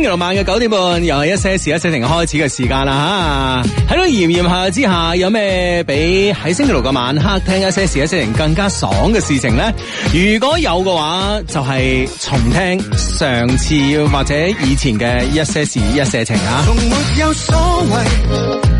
星期六晚嘅九點半，又係一些事一些情開始嘅時間啦，吓，喺呢炎炎夏日之下，有咩比喺星期六嘅晚黑聽一些事一些情更加爽嘅事情咧？如果有嘅話，就係重聽上次或者以前嘅一些事一些情啊。從沒有所謂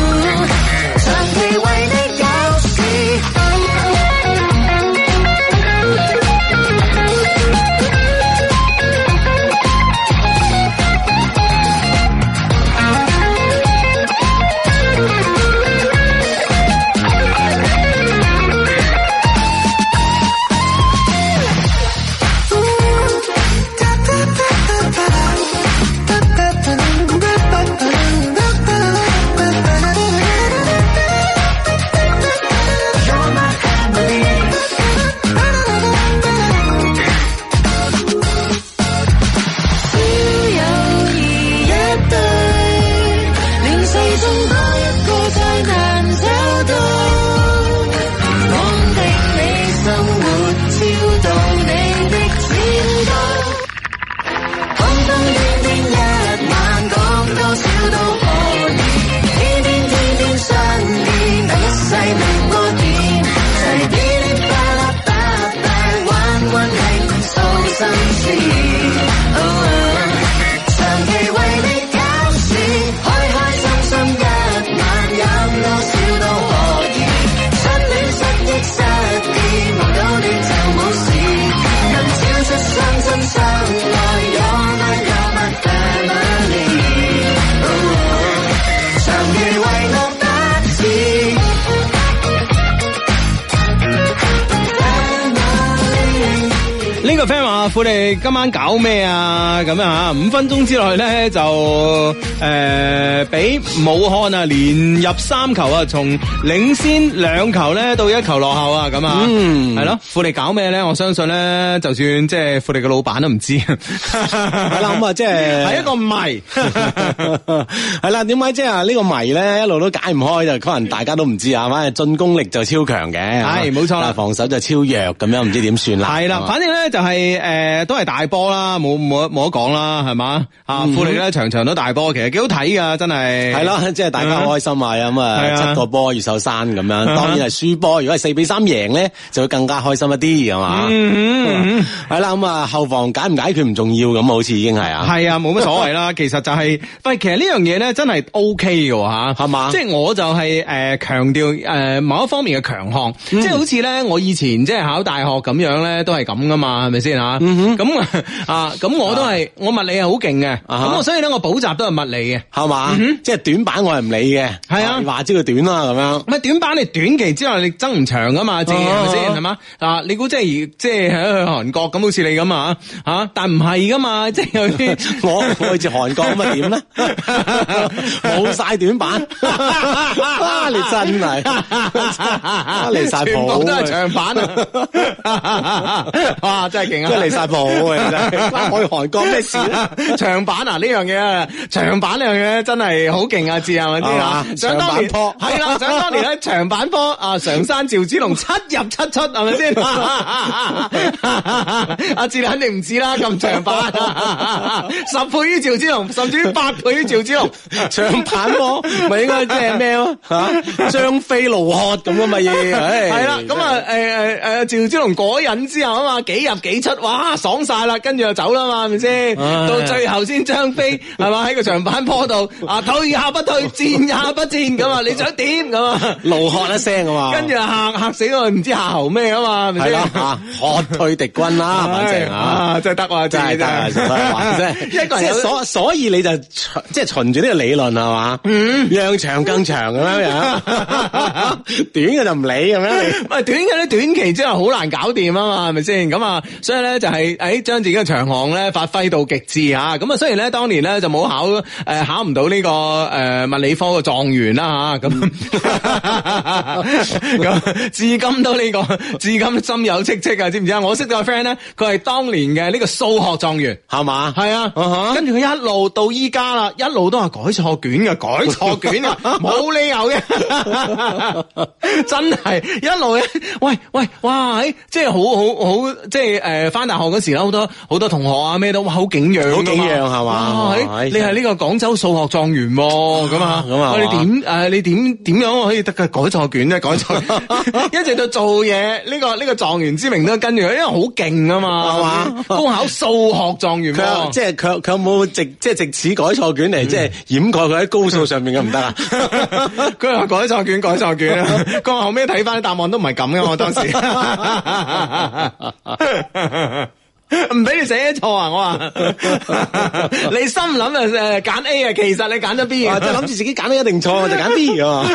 啊、富力今晚搞咩啊？咁啊，五分鐘之內咧就誒，俾、呃、武漢啊連入三球啊，從領先兩球咧到一球落後啊，咁啊，係、嗯、咯，富力搞咩咧？我相信咧，就算即係、就是、富力嘅老闆都唔知， 係啦、就是，咁啊，即係係一個謎，係 啦， 點解即係呢、呢個謎咧一路都解唔開，就可能大家都唔知啊，反正進攻力就超強嘅，係冇錯啦，防守就超弱，咁樣唔知點算啦，係啦，反正咧就係、是、誒。呃誒、呃，都係大波啦，冇冇冇得講啦，係嘛吓，mm -hmm. 富力咧場場都大波，其實幾好睇噶，真係。係啦，即係大家開心啊咁啊，七個波越秀山咁樣，mm -hmm. 當然係輸波。如果係四比三贏咧，就會更加開心一啲係嘛，係啦，咁、mm、啊 -hmm. 嗯、後防解唔解決唔重要咁，好似已經係啊，係啊，冇乜所謂啦。其實就係、喂，但其實呢樣嘢咧真係 O K 嘅吓，係嘛，即、就、係、是、我就係誒強調誒某一方面嘅強項，mm -hmm. 即係好似咧我以前即係考大學咁樣咧，都係咁噶嘛，係咪先？咁、嗯、啊，咁我都係、啊，我物理係好勁嘅，咁、啊、我所以咧，我補習都係物理嘅，係嘛、嗯，即係短板我係唔理嘅，係啊，話知佢短啦咁樣，咁短板你短期之內你爭唔長㗎嘛，正係咪先，係嘛，啊，啊你估即係即係去韓國咁好似你咁啊，啊，但唔係噶嘛，即係有啲 我，我去住韓國咁啊點咧，冇 晒樣 短板， 你真係嚟晒， 全部都係長板啊， 哇，真係勁啊！ 晒布韓國咩事長版啊，呢樣嘢，長版呢樣嘢真係好勁啊！志係咪先？當年波係啦，想當年呢，長版波啊，常、啊啊啊啊啊啊、山趙子龍七入七出係咪先？阿志、啊啊啊啊啊、肯定唔知啦，咁長版、啊啊啊啊，十倍於趙子龍，甚至於八倍於趙子龍，長版波咪 應該即係咩咯？啊，張飛怒喝咁啊咪嘢，係、欸、啦，咁啊誒誒誒，趙子龍嗰人之後啊嘛，幾入幾出話，哇！啊爽晒啦，跟住就走啦嘛，係咪先？到最後先張飛係嘛喺個長坂坡度啊退也不退，戰也不戰咁啊！你想點咁啊？怒喝一聲啊嘛，跟住吓吓死佢，唔知夏侯咩啊嘛，係咯吓喝退敵軍啦，反正啊，真係得啊，真係得、啊、真係、啊啊啊啊啊啊啊啊、 一個人。即係所所以你就即係循住呢個理論係嘛，讓長更長咁樣、嗯， 短嘅就唔理咁樣。喂，短嘅咧短期之後好難搞掂啊嘛，係咪先？咁啊，所以咧就。係誒，將自己嘅長項咧發揮到極致吓，咁啊雖然咧當年咧就冇考誒考唔到呢個誒物理科嘅狀元啦吓，咁 咁 至今都呢、呢個，至今心有戚戚知知啊，知唔知啊？我識個 friend 咧，佢係當年嘅呢個數學狀元，係嘛？係啊，跟住佢一路到依家啦，一路都係改錯卷嘅，改錯卷啊，冇 理由嘅， 真係一路咧，喂喂，哇，誒、即係，即係好好好，即係誒翻大。嗰時好多好多同學啊，咩都好景仰，好景仰係嘛？你係呢個廣州數學狀元咁啊，咁啊，啊，啊，啊，啊？你點誒？你點點樣可以得改錯卷咧？改錯，改錯卷 一直到做嘢呢、這個呢、這個狀元之名都跟住，因為好勁啊嘛，係嘛？高考數學狀元，佢即係佢佢有冇直即係直指改錯卷嚟，即、嗯、係、就是、掩蓋佢喺高數上面嘅唔得啊？佢 話改錯卷改錯卷，佢話 後尾睇翻啲答案都唔係咁嘅，我當時。 唔 俾你寫錯啊！我話 你心諗啊，誒，揀 A 啊，其實你揀咗 B 啊，即係諗住自己揀一定錯，就揀 B 啊，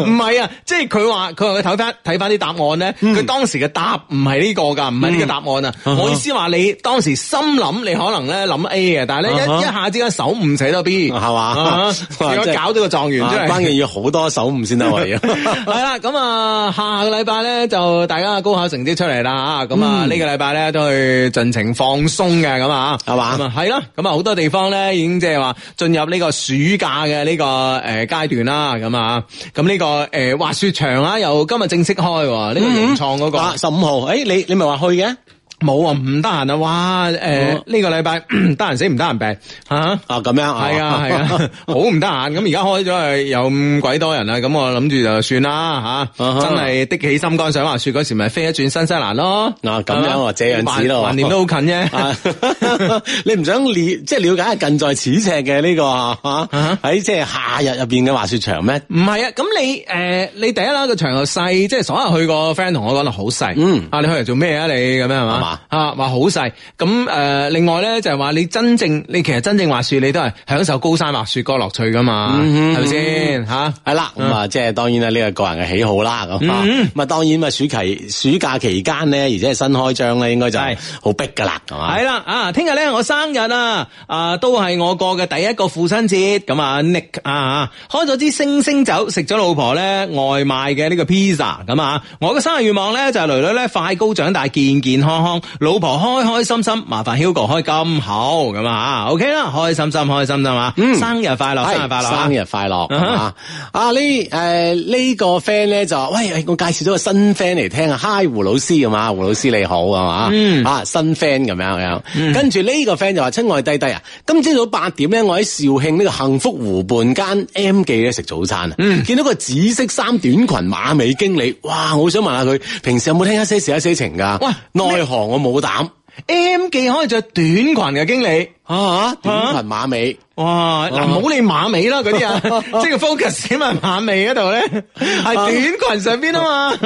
唔係啊，即係佢話佢話佢睇翻睇翻啲答案咧，佢、嗯、當時嘅答唔係呢個噶，唔係呢個答案啊、嗯。我意思話你當時心諗你可能咧諗 A 嘅，但係咧一一,一下之間手誤寫咗 B 係、嗯、嘛，如果 搞到個狀元，一班嘢要好多手誤先得喎。係啦，咁啊，下個禮拜咧就大家高考成績出嚟啦啊，咁、嗯、啊呢個禮拜咧都去進情放鬆嘅咁啊，係嘛，係咯，咁啊好多地方咧已經即係話進入呢個暑假嘅呢、這個誒階、呃、段啦，咁啊，咁呢、這個誒、呃、滑雪場啊又今日正式開，呢、嗯這個融創嗰個十五號，誒、欸、你你咪話去嘅。冇啊，唔得閒啊！哇，誒呢個禮拜得閒死唔得閒病嚇啊！咁樣係啊係啊，好唔得閒，咁而家開咗去有咁鬼多人算算啊。咁我諗住就算啦嚇，真係的起心肝想滑雪嗰時咪飛一轉新西蘭咯嗱，咁樣啊，這樣，啊、這樣子咯、啊，橫掂都好近啫、啊，啊、 你唔想了即係瞭解近在咫尺嘅呢個嚇喺即係夏日入邊嘅滑雪場咩？唔係啊，咁、啊、你誒、呃、你第一啦個場又細，即、就、係、是、所有去個 friend 同我講得好細、嗯，啊，你去嚟做咩啊你咁樣係嘛？啊，話好細咁誒，另外咧就係、是、話你真正你其實真正滑雪你都係享受高山滑雪嗰個樂趣噶嘛，係咪先吓？係、嗯、啦，咁啊，即係、嗯就是、當然啦，呢個個人嘅喜好啦，咁，咁啊，當然啊，暑期暑假期間咧，而且係新開張咧，應該就係好逼噶啦，係嘛？係啦，啊，聽日咧我生日啊，啊都係我過嘅第一個父親節，咁啊，Nick 啊，開咗支星星酒，食咗老婆咧外賣嘅呢個 pizza，咁啊，我嘅生日願望咧就係女女咧快高長大，健健康康。老婆開開心心麻煩開，麻煩 Hugo 開咁好咁啊，OK 啦，開心心，開心心啊，生日快樂，生日快樂、嗯，生日快樂啊！啊，啊，啊，啊，啊、這個、呢誒呢個 friend 咧就喂我介紹咗個新 friend 嚟聽啊，Hi 胡老師啊嘛，胡老師你好啊嘛，啊、嗯、新 friend 咁樣樣，跟住呢個 friend 就話、嗯、親愛弟弟啊，今朝早八點咧，我喺肇慶呢個幸福湖畔間 M 記咧食早餐啊、嗯，見到一個紫色衫短裙馬尾經理，哇，我想問下佢平時有冇聽一些事一些情噶，喂，內行。我冇膽，M 記可以着短裙嘅經理。啊，啊！短裙馬尾，啊、哇！唔好理馬尾啦，嗰啲啊，啊，啊、即係 focus 寫埋馬尾嗰度咧，係短裙上邊啊嘛！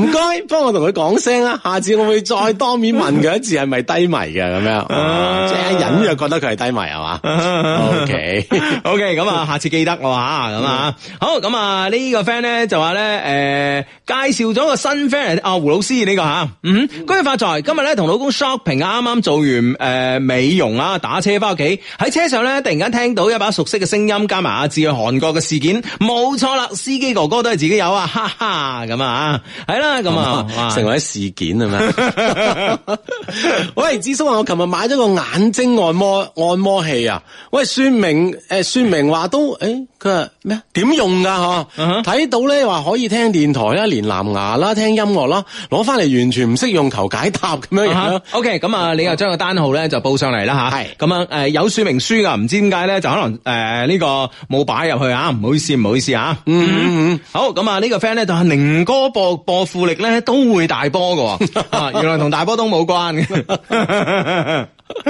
唔該，幫我同佢講聲啊，下次我會再當面問佢一次，係咪低迷嘅咁樣？啊、啊啊即係隱約覺得佢係低迷係嘛？OK，OK，咁啊，啊，okay、okay，下次記得我吓咁啊，好咁、呃、啊，呢個 friend 咧就話咧，誒，介紹咗個新 friend 阿胡老師呢、這個吓，嗯，恭喜發財！今日咧同老公 shopping 啊，啱啱做完誒、呃、美容啊，打車翻屋企喺車上咧，突然間聽到一把熟悉嘅聲音，加埋阿志去韓國嘅事件，冇錯啦，司機哥哥都係自己有啊，哈哈，咁啊，係啦，啊，咁、哦、啊，成為事件啊嘛。 喂，志松啊，我琴日買咗個眼睛按摩按摩器啊，喂，算明呃、算明說明誒，說明話都誒。佢話咩？點用噶吓？睇、uh -huh. 到咧話可以聽電台啦，連藍牙啦，聽音樂啦，攞翻嚟完全唔識用，求解答咁樣吓。OK，咁啊，你又將個單號咧就報上嚟啦吓。係，咁啊，誒，有說明書噶，唔知點解咧就可能誒呢、呃這個冇擺入去啊，唔好意思，唔好意思啊。嗯嗯嗯，好，咁啊呢個 friend 咧就係寧哥播播富力咧都會大波噶， 原來同大波都冇關嘅。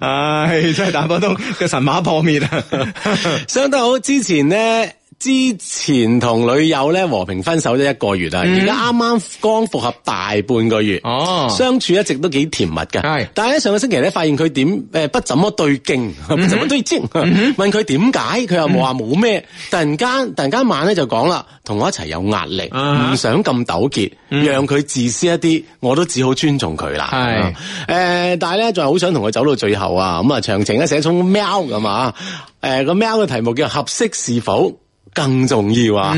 唉，真係大波東嘅神馬破滅啊！相當好，之前呢。之前同女友咧和平分手咗一個月啦，而家啱啱剛復合大半個月，哦、相處一直都幾甜蜜嘅。但係咧上個星期咧發現佢點誒不怎麼對勁，問、嗯、怎麼對勁、嗯，問佢點解，佢又冇話冇咩。突然間突然間晚咧就講啦，同我一齊有壓力，唔、啊、想咁糾結，嗯、讓佢自私一啲，我都只好尊重佢啦。係誒、啊，但係咧仲係好想同佢走到最後啊。咁啊，長情一寫種喵咁啊，誒個喵嘅題目叫合適是否？.更重要啊！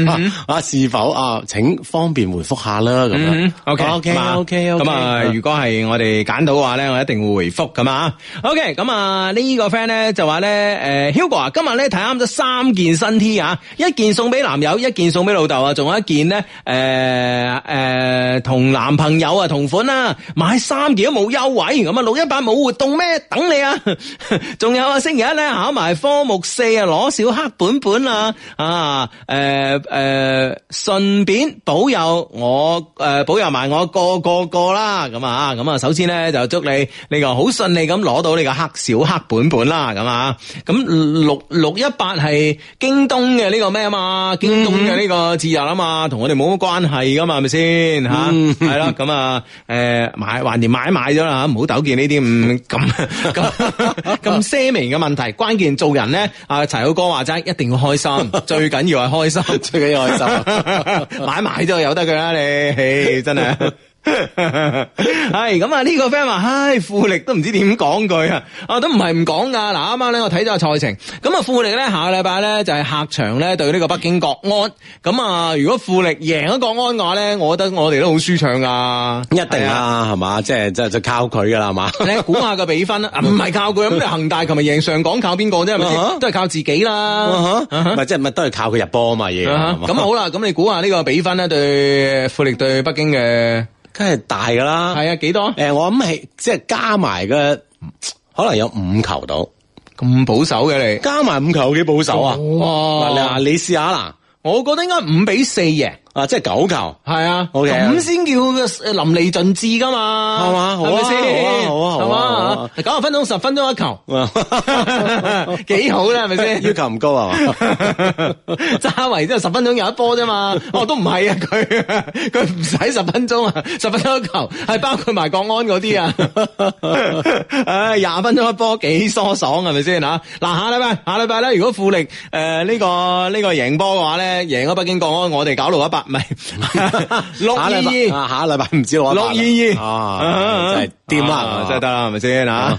啊，是否啊？請方便回覆下啦，咁樣。O K O K O K O K 咁啊！如果係我哋揀到嘅話咧，我一定會回覆㗎嘛。O K 咁啊，呢個 friend 咧就話咧，誒，Hugo 啊，今日咧睇啱咗三件新 T 啊，一件送俾男友，一件送俾老豆啊，仲有一件咧，誒誒，同男朋友啊同款啊，買三件都冇優惠，咁啊，六一八冇活動咩？等你啊！仲有啊，星期一咧考埋科目四啊，攞小黑本本啊，啊！ 啊，誒、呃、誒，順便保佑我，誒、呃、保佑埋我個個個啦，咁啊，咁啊，首先咧就祝你呢個好順利咁攞到呢個黑小黑本本啦，咁啊，咁六六一八係京東嘅呢個咩啊嘛，京東嘅呢個節日啊嘛，同我哋冇乜關係噶嘛，係咪先吓？係、嗯、啦， 咁啊，誒、呃、買橫掂買買咗啦，唔好糾結呢啲咁咁咁些微嘅、嗯、問題。關鍵做人咧，阿齊浩哥話齋，一定要開心，最緊要係開心，最緊要開心， 買埋都有得噶啦你，嘿 真係。 係咁啊！呢個 friend 話，唉、哎，富力都唔知點講佢啊！都不不我都唔係唔講噶。嗱，啱啱咧我睇咗個賽程，咁啊富力咧下個禮拜咧就係客場咧對呢個北京國安。咁啊，如果富力贏咗國安嘅話咧，我覺得我哋都好舒暢噶，一定啊，係嘛、啊？即係即係就靠佢噶啦，係嘛？你估下個比分啊，唔係靠佢咁，你恒大琴日贏上港靠邊個啫？係咪先？都係靠自己啦，唔、啊、係、啊、即係咪都係靠佢入波啊嘛嘢？咁啊好啦，咁你估下呢個比分咧對富力對北京嘅？真係大噶啦，係啊，幾多？誒、呃，我諗係即係加埋嘅，可能有五球到，咁保守嘅，你加埋五球有幾保守啊？嗱、哦，你試下啦，我覺得應該五比四贏。啊，即係九球，係啊，咁、okay、先、啊、叫誒淋漓盡致噶嘛，係嘛，係咪先？好啊，係嘛，九十、啊啊啊啊啊啊、 分鐘十分鐘一球，幾 好啦、啊，係咪先？要求唔高啊嘛，揸圍之後十分鐘有一波啫嘛， 哦，都唔係啊，佢佢唔使十分鐘 啊，十分鐘一球係包括埋國安嗰啲啊，唉，廿分鐘一波幾疏爽係咪先啊？嗱下禮拜下禮拜咧，如果富力誒呢、呃這個呢、這個贏波嘅話咧，贏咗北京國安，我哋搞六一八。唔 係六二二，啊，啊，下個禮拜唔知我六二二，啊，真係掂啊，啊，啊，啊，真係得啦，係咪先啊？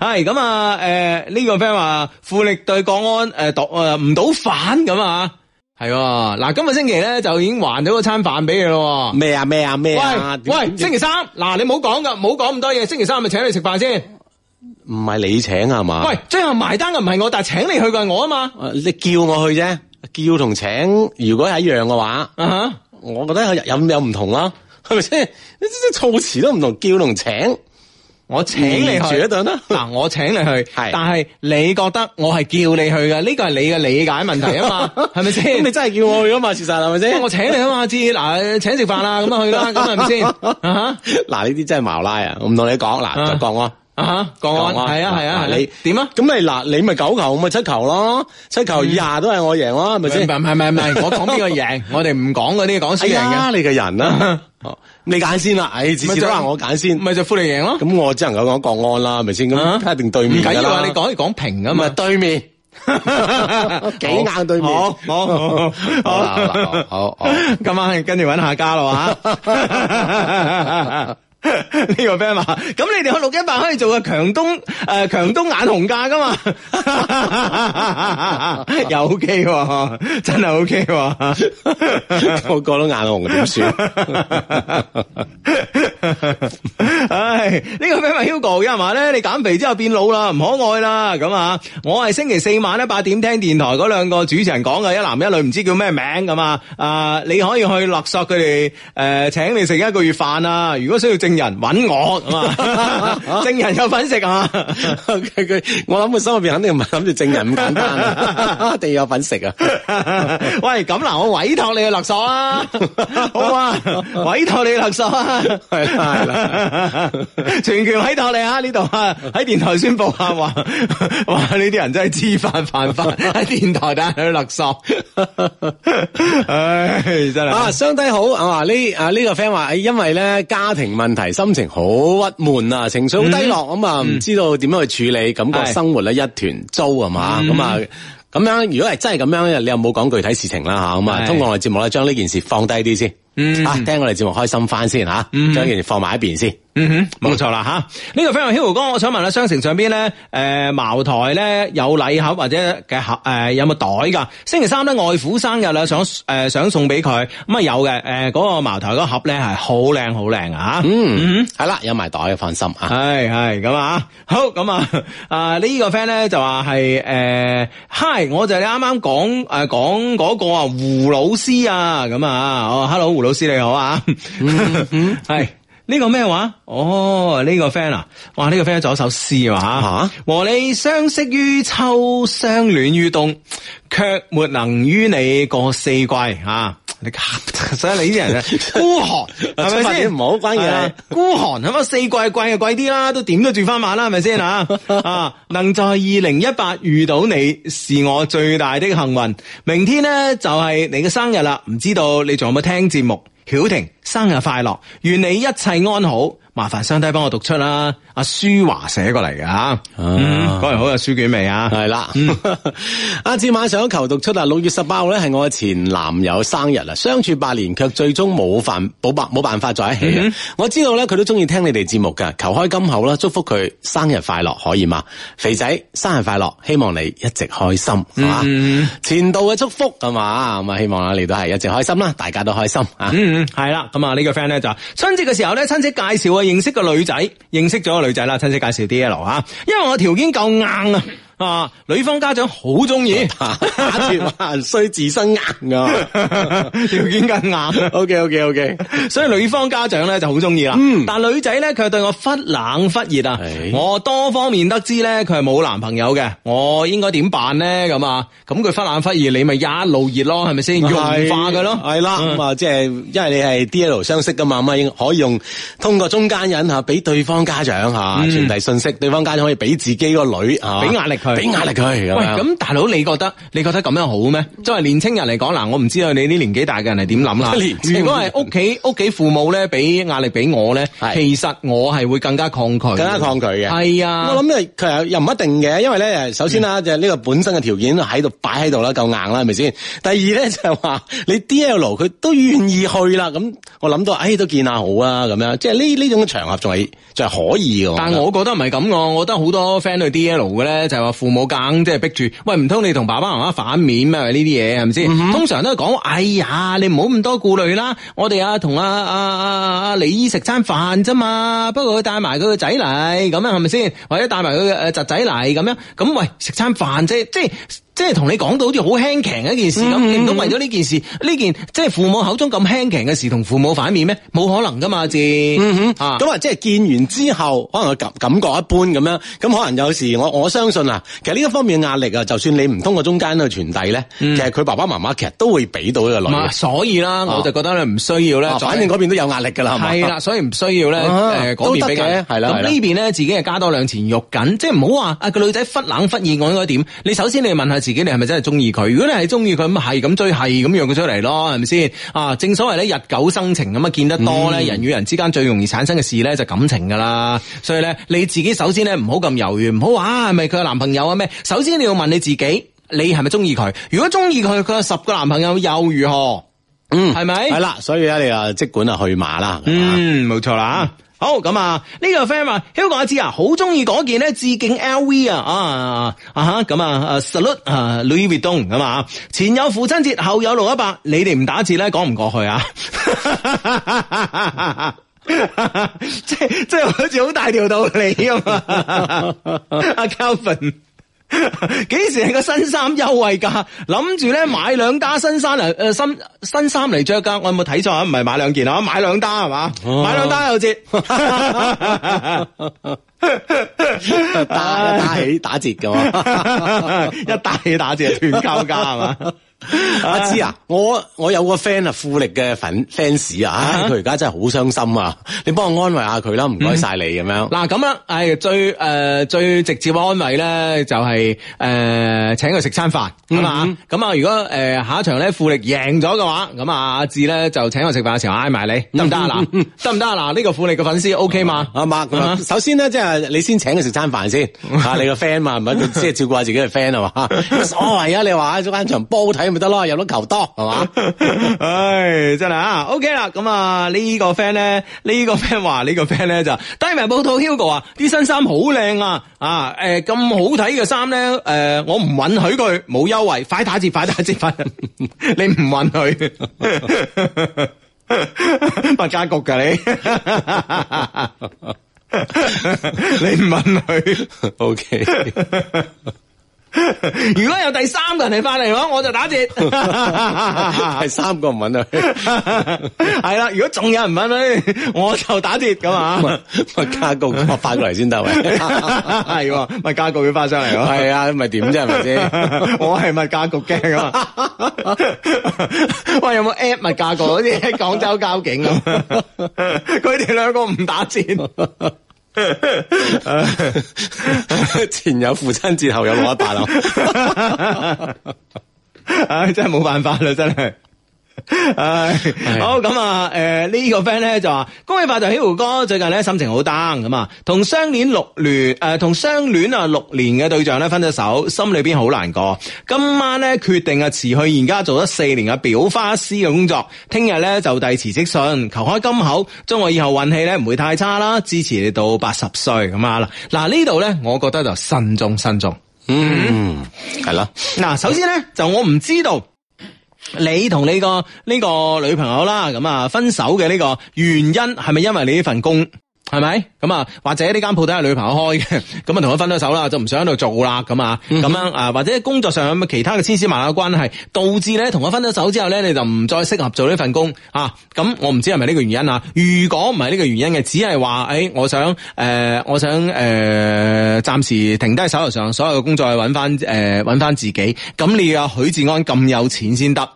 係咁啊，誒 呢、嗯這個 friend 話富力對國安誒，嗯，度誒唔到飯咁啊，係嗱，哎，今個星期咧就已經還咗個餐飯俾佢咯。咩啊咩啊咩啊！喂，星期三嗱，啊，你冇好講噶，唔講咁多嘢。星期三咪請你食飯先，唔係你請係嘛？喂，最後埋單嘅唔係我，但係請你去嘅係我啊嘛。你叫我去啫。叫同請如果係一樣嘅話，啊、uh -huh. 我覺得佢有有唔同咯、啊，係咪先？措詞都唔同，叫同請，我請你去、嗯、住一陣啦。嗱、啊，我請你去， 但係你覺得我係叫你去嘅，呢個係你嘅理解問題啊嘛，係咪先？咁 你真係叫我去啊嘛，事實係咪先？是是 我請你啊嘛，知嗱，請食飯啦，咁去啦，咁係咪先？嗱，呢啲真係茅拉啊，我唔同你講，嗱，就講我。啊！國安係啊係啊，你點啊？咁你嗱，你咪九球咪七球咯，七球以下都係我贏咯，係咪先？唔係唔係唔係，我講邊個贏，我哋唔講嗰啲講輸贏嘅。你嘅人啦，你揀先啦，哎，次次都係我揀先，咪就呼你贏咯。咁我只能夠講國安啦，係咪先？咁一定對面。梗要話你講講平啊嘛，對面幾硬對面，好，好，好，好，今晚要跟住搵下家啦，吓。呢 個 friend，咁你哋去六一八可以做個強東誒、呃、強東眼紅價噶嘛？O K 喎，真係 O K 喎，個個都眼紅點算？唉、 哎，呢、這個 friend Hugo，有人話咧，你減肥之後變老啦，唔可愛啦。咁啊，我係星期四晚咧八點聽電台嗰兩個主持人講嘅，一男一女唔知叫咩名咁啊。啊，你可以去勒索佢哋誒，請你食一個月飯啊！如果需要證，人揾我，證 人有份食、啊啊 啊啊、食啊！佢我諗佢心入邊肯定唔係諗住證人咁簡單，一定有份食啊！喂，咁嗱，我委託你去勒索啊！哇、啊啊，委託你去勒索啊！係啦、啊，啊啊、 全權委託你啊！呢度啊，喺電台宣布啊！話，話呢啲人真係知法犯法，喺電台等去勒索。唉、 哎，真係。啊，兄弟好、哦、啊！呢啊呢個 friend 話，因為咧家庭問題。係心情好鬱悶啊，情緒好低落咁啊，唔、嗯嗯、知道點樣去處理，感覺生活咧一團糟、嗯、啊嘛，咁啊咁樣。如果係真係咁樣，你有冇講具體事情啦吓，咁啊，通過我哋節目咧，將呢件事放低啲先。嗯、啊，啊聽我哋節目開心翻先吓，將件事放埋一邊先。嗯、mm、哼 -hmm.，冇錯啦吓。呢、這個 friend 胡哥，我想問啦，商城上邊咧，誒、呃、茅台咧有禮盒或者嘅盒誒、呃、有冇袋噶？星期三咧、呃、外父生日啦，想誒想、呃、送俾佢，咁、嗯、啊有嘅。誒、呃、嗰、那個茅台嗰盒咧係好靚好靚啊！嗯、mm -hmm. 嗯，係啦，有埋袋嘅，放心啊。係係咁啊，好咁啊，啊呢、啊這個 friend 咧就話係誒嗨，啊、Hi, 我就係你啱啱講誒講嗰個啊胡老師啊咁啊，哦 Hello 老師你好啊，係、嗯、呢、嗯 呢個咩話？哦，呢、呢個 friend 啊，哇呢、呢個 friend 做咗首詩啊吓，吓和你相識於秋，相戀於冬，卻沒能於你過四季吓。啊你 所以你呢啲人啊，孤寒係咪先？唔 好關嘢啦、啊，是啊、 孤寒咁啊，四季貴啊，貴啲啦，都點都住翻晚啦，係咪先啊？ 啊，能在二零一八遇到你，是我最大的幸運。明天呢，就係、是、你嘅生日啦，唔知道你仲有冇聽節目？曉婷生日快樂，願你一切安好。麻煩雙低幫我讀出啦，阿、啊、舒華寫過嚟㗎。吓、啊，嗰位好有書卷味啊，係啦，阿志馬上求讀出啊，六月十八號咧係我嘅前男友生日啦，相處八年卻最終冇辦冇辦冇辦法在一起、嗯，我知道咧佢都中意聽你哋節目㗎。求開金口啦，祝福佢生日快樂，可以嘛？肥仔生日快樂，希望你一直開心，係、嗯、嘛？前度嘅祝福係嘛？咁啊，希望啊你都係一直開心啦，大家都開心、嗯、啊，係啦，咁啊呢個 friend 咧就春節嘅時候咧親戚介紹啊。認識個女仔，認識咗個女仔啦，親戚介紹嘅吓，因為我條件夠硬啊。女方家長好中意，打鐵還需自身硬噶，條件更硬。O K、O K、O K，所以女方家長咧就好中意啦。但女仔咧，佢對我忽冷忽熱啊、嗯！我多方面得知咧，佢係冇男朋友嘅。我應該點辦咧？咁啊？咁佢忽冷忽熱，你咪一路熱咯，係咪先？融化佢咯，係啦。咁啊，即係因為你係 D L 相識噶嘛，咪可以用通過中間人吓，俾對方家長吓傳遞信息。對方家長可以俾自己個女吓，俾壓力佢。俾壓力佢係咁，是是，喂，大佬，你覺得你覺得咁樣好咩？作為年青人嚟講嗱，我唔知道你啲年紀大嘅人係點諗啦？如果係屋企屋企父母咧俾壓力俾我咧，其實我係會更加抗拒，更加抗拒嘅。係啊，我諗個其實又唔一定嘅，因為咧，首先啦，就、嗯、呢、呢個本身嘅條件喺度擺喺度啦，夠硬啦，係咪先？第二咧就係、是、話你 D L 佢都願意去啦，咁我諗到，哎，都見下好啊，咁樣即係呢呢種場合仲係、就係、可以嘅。但我覺得唔係咁嘅，我覺得好多 friend 去 D L 嘅咧就話、是。父母梗，即係逼住，喂，唔通你同爸爸媽媽反面咩？呢啲嘢係咪先？通常都係講，哎呀，你唔好咁多顧慮啦。我哋啊，同啊啊啊李姨食餐飯啫嘛。不過佢帶埋佢個仔嚟，咁樣係咪先？或者帶埋佢個侄仔嚟，咁樣，咁喂，食餐飯啫，啫。即即係同你講到好似好輕鬆一件事咁，唔、嗯、通、嗯、為咗呢件事呢件，即係父母口中咁輕鬆嘅事，同父母反面咩？冇可能噶嘛，字。嗯咁、嗯、啊，即係見完之後，可能感感覺一般咁樣，咁可能有時我我相信啊，其實呢一方面嘅壓力啊，就算你唔通過中間去傳遞咧，嗯、其實佢爸爸媽媽其實都會俾到嘅來源。啊、所以啦，我就覺得咧，唔需要咧，反正嗰邊都有壓力噶啦。係啦，所以唔需要咧，誒、啊啊，嗰邊俾係啦。咁呢邊咧，自己係加多兩錢肉緊，即係唔好話啊個女仔忽冷忽熱，我應該點？你首先你問下。自己你係咪真係中意佢？如果你係中意佢，咁係咁追，係咁約佢出嚟咯，係咪先？啊，正所謂咧，日久生情咁啊，見得多咧，嗯，人與人之間最容易產生嘅事咧就感情噶啦。所以咧，你自己首先咧唔好咁猶豫，唔好話，係咪佢嘅男朋友啊咩？首先你要問你自己，你係咪中意佢？如果中意佢，佢有十個男朋友又如何？嗯，係咪？係啦，所以咧你啊，即管啊去馬啦。嗯，冇錯啦吓。好咁啊！呢、這個 friend 啊，香港阿子啊，好中意嗰件咧，致敬 LV 啊啊啊哈！咁啊啊 salute 啊 Louis Vuitton 咁啊，前有父親節，後有六一八，你哋唔打字咧，講唔過去啊！ 即即係好似好大條道理咁啊！阿 Kevin、啊。Calvin 幾 時係個新衫優惠價？諗住咧買兩打新衫嚟，誒新新衫嚟着噶，我有冇睇錯啊？唔係買兩件啊，買兩打係嘛？啊、買兩打有折， 打一打起打折噶喎。一打起打折團購價係嘛？ 啊、阿志啊，我我有個 friend 啊，富力嘅粉 fans 啊，佢而家真係好傷心啊，你幫我安慰下佢啦，唔該晒你咁、嗯、樣。嗱咁啦，誒最誒、呃、最直接嘅安慰咧，就係、是、誒、呃、請佢食餐飯啊嘛。咁啊，如果誒、呃、下一場咧富力贏咗嘅話，咁啊阿志咧就請我食飯嘅時候嗌埋你得唔得啊？嗱，得唔得啊？嗱呢、啊這個富力嘅粉絲 OK 嘛？啊嘛咁啊，啊，啊，首先咧即係你先請佢食餐飯先吓，你個 friend 嘛，唔係佢即係照顧下自己嘅 friend 係嘛，冇所謂啊！你話喺中場波睇你咪得咯，有到球多係嘛？唉、 哎，真係、okay、啊！OK 啦，咁、這、啊、個、呢、這個 friend 咧，這個、fan 呢個 friend 話呢個 friend 咧就，第一名報道 Hugo 啊，啲新衫好靚啊！啊，誒、呃、咁好睇嘅衫咧，誒、呃、我唔允許佢冇優惠，快打折，快打折，快打，你唔允許，物 家局噶、啊、你，你唔 允許，OK。如果有第三個人嚟返嚟，嘅我我就打折。第三個唔揾佢，係啦。如果仲有人揾佢，我就打折噶 嘛。物 價局返過嚟先得咪？係物價局要返上嚟？係、哎、 啊，咪點啫？係咪先？我係物價局驚啊？ 是不是 的 喂，有冇 app 物價局？好似喺廣州交警咁、啊，佢哋兩個唔打折。 前有父親，之後有我一班咯，唉、 啊，真係冇辦法啦真係。誒、 哎，好咁啊！誒、哦、呢、呃，這個 friend 咧就話，恭喜發財，喜胡哥，最近咧心情好 down 咁啊，同相戀六年誒，同相戀啊六年嘅對象咧分咗手，心裏邊好難過。今晚咧決定啊辭去而家做咗四年嘅裱花師嘅工作，聽日咧就遞辭職信，求開金口，祝我以後運氣咧唔會太差啦，支持你到八十歲咁啊啦。嗱呢度咧，我覺得就慎重慎重，嗯係啦，嗱，首先咧 就我唔知道。你同你個呢個女朋友啦，咁啊分手嘅呢個原因係咪因為你呢份工？係咪咁啊？或者呢間鋪都係女朋友開嘅，咁啊同佢分咗手啦，就唔想喺度做啦，咁啊咁樣啊？或者工作上有冇其他嘅千絲萬縷嘅關係，導致咧同佢分咗手之後咧，你就唔再適合做呢份工啊？咁我唔知係咪呢個原因啊？如果唔係呢個原因嘅，只係話誒，我想誒、呃，我想誒，暫、呃、時停低手頭上所有嘅工作去，揾翻誒，揾翻自己。咁你呀，許志安咁有錢先得。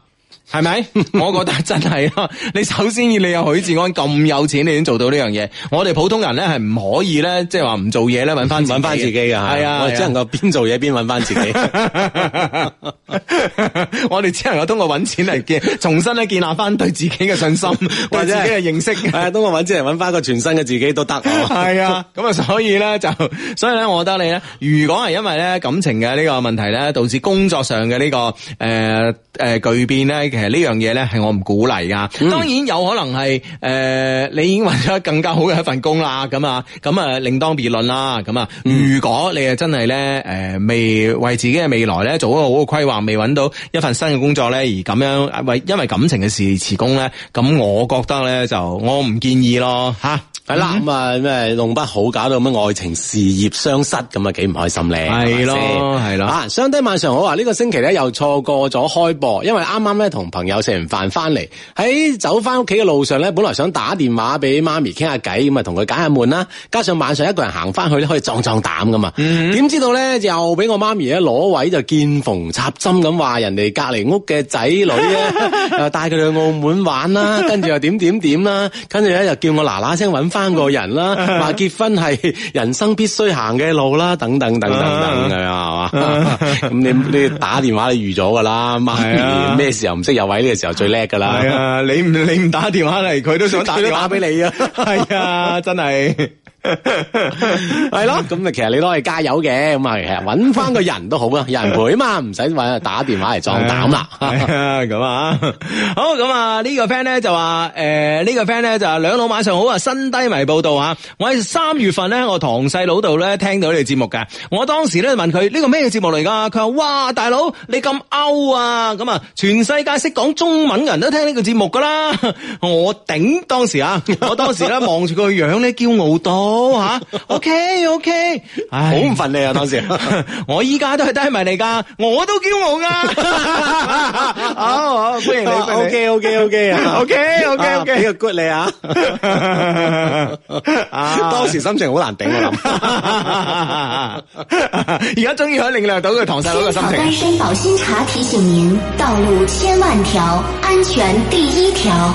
係咪？ 我覺得真係啊。你首先要你有許志安咁有錢，你已經做到呢樣嘢。我哋普通人咧係唔可以咧，即係話唔做嘢咧，搵翻搵翻自己㗎，係啊，我只能夠邊做嘢邊搵翻自己。自己自己 我哋只能夠通過搵錢嚟建，重新咧建立翻對自己嘅信心， 或者自己嘅認識。誒，通過搵錢嚟搵翻個個全新嘅自己都得。係啊，咁啊， 所以咧就，所以咧，我覺得你咧，如果係因為咧感情嘅呢個問題咧，導致工作上嘅呢、這個誒誒、呃呃、巨變咧。呢樣嘢咧係我唔鼓勵噶、嗯。當然有可能係誒、呃，你已經揾咗更加好嘅一份工啦。咁啊，咁啊另當別論啦。咁啊，如果你啊真係咧誒，未、呃、為自己嘅未來咧做一個好嘅規劃，未揾到一份新嘅工作咧，而咁樣為因為感情嘅事辭工咧，咁我覺得咧就我唔建議咯。吓，係、嗯、啦，咁啊咩弄不好搞到咁樣愛情事業相失，咁啊幾唔開心咧。係咯，係咯。啊，相對晚上我話呢、這個星期咧又錯過咗開播，因為啱啱咧同。朋友食完飯翻嚟，喺走翻屋企嘅路上咧，本來想打電話俾媽咪傾下偈，咁啊同佢解下悶啦。加上晚上一個人行翻去咧，可以壯壯膽噶嘛。點、mm -hmm. 知道咧，又俾我媽咪咧攞位就見縫插針咁話，人哋隔籬屋嘅仔女咧帶佢去澳門玩啦，跟住又點點點啦，跟住咧又叫我嗱嗱聲揾翻個人啦，話結婚係人生必須行嘅路啦，等等等等等等咁係嘛。咁、uh -huh. uh -huh. 你你打電話你預咗噶啦，媽咪咩時候唔識？有位呢個時候最叻㗎啦，係啊！你唔你唔打電話嚟，佢都想打電話俾你啊！係 啊，真係。係咯，咁啊，其實你都可以加油嘅，咁啊，其實搵翻個人都好啊，有人陪啊嘛，唔使搵打電話嚟壯膽啦，咁 啊，啊，好，咁啊，呢、啊這個 friend 咧就話，誒、欸，呢、這個 friend 咧就兩兩老晚上好啊，新低迷報道啊，我喺三月份咧，我堂細佬度咧聽到呢個節目嘅，我當時咧問佢呢個咩節目嚟噶，佢話哇，大佬你咁 out 啊，咁啊，全世界識講中文人都聽呢個節目噶啦，我頂當時啊，我當時咧望住佢樣咧驕傲多。好、oh, 吓、huh?OK OK，好唔忿你啊，當時，我依家都係低埋嚟噶，我都驕傲噶。好，歡迎你，OK OK OK 啊，OK OK OK，呢 good 你啊，當時心情好難頂。而家終於可以領略到佢唐細佬嘅心情。仙草丹參保心茶提醒您：道路千萬條，安全第一條。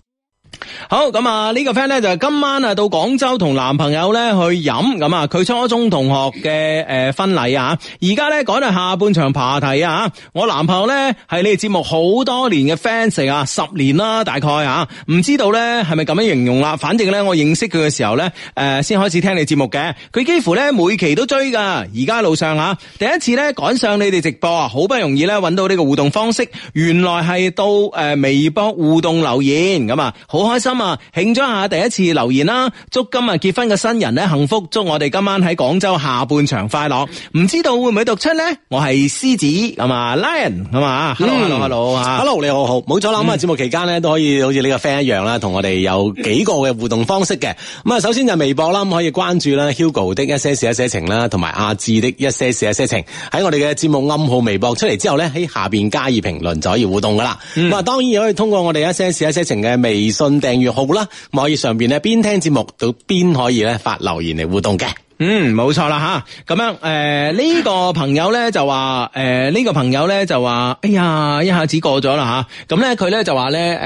好咁啊！呢個 friend 咧就係今晚啊到廣州同男朋友咧去飲咁啊，佢初中同學嘅誒婚禮啊，而家咧趕到下半場爬梯啊！我男朋友咧係你哋節目好多年嘅 fans 啊，十年啦大概吓，唔知道咧係咪咁樣形容啦。反正咧我認識佢嘅時候咧，誒、呃、先開始聽你節目嘅，佢幾乎咧每期都追噶。而家路上吓，第一次咧趕上你哋直播啊，好不容易咧揾到呢個互動方式，原來係到誒微博互動留言咁啊，好。開心啊！慶祝下第一次留言啦，啊，祝今日結婚嘅新人咧幸福，祝我哋今晚喺廣州下半場快樂。唔知道會唔會讀出咧？我係獅子咁啊，Lion 咁啊，Hello，Hello，Hello，H、嗯、ello 你好好，冇錯啦。咁、嗯、啊，節目期間咧都可以好似呢個 friend 一樣啦，同我哋有幾個嘅互動方式嘅。咁啊，首先就微博啦，咁可以關注啦，Hugo 的一些事一些情啦，同埋阿志的一些事一些情。喺我哋嘅節目暗號微博出嚟之後咧，喺下邊加以評論就可以互動噶啦。咁、嗯、啊，當然可以通過我哋一些事一些情嘅微信，訂閱號啦，網頁上邊咧邊聽節目到邊可以咧發留言嚟互動嘅。嗯，冇錯啦吓，咁樣誒呢、呃這個朋友咧就話，誒呢個朋友咧就話，哎呀，一下子過咗啦吓，咁咧佢咧就話咧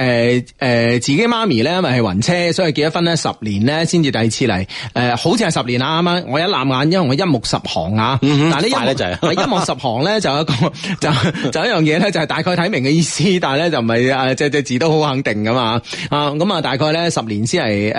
誒誒自己媽咪咧，因為係暈車，所以結咗婚咧十年咧先至第二次嚟。誒、呃、好似係十年啊，啱啱我一攬眼，因為我一目十行啊、嗯，但係呢就係一目十行咧 就，就，就一個就就一樣嘢咧，就係、是、大概睇明嘅意思，但係咧就唔係啊，只只字都好肯定噶嘛啊咁啊，大概咧十年先係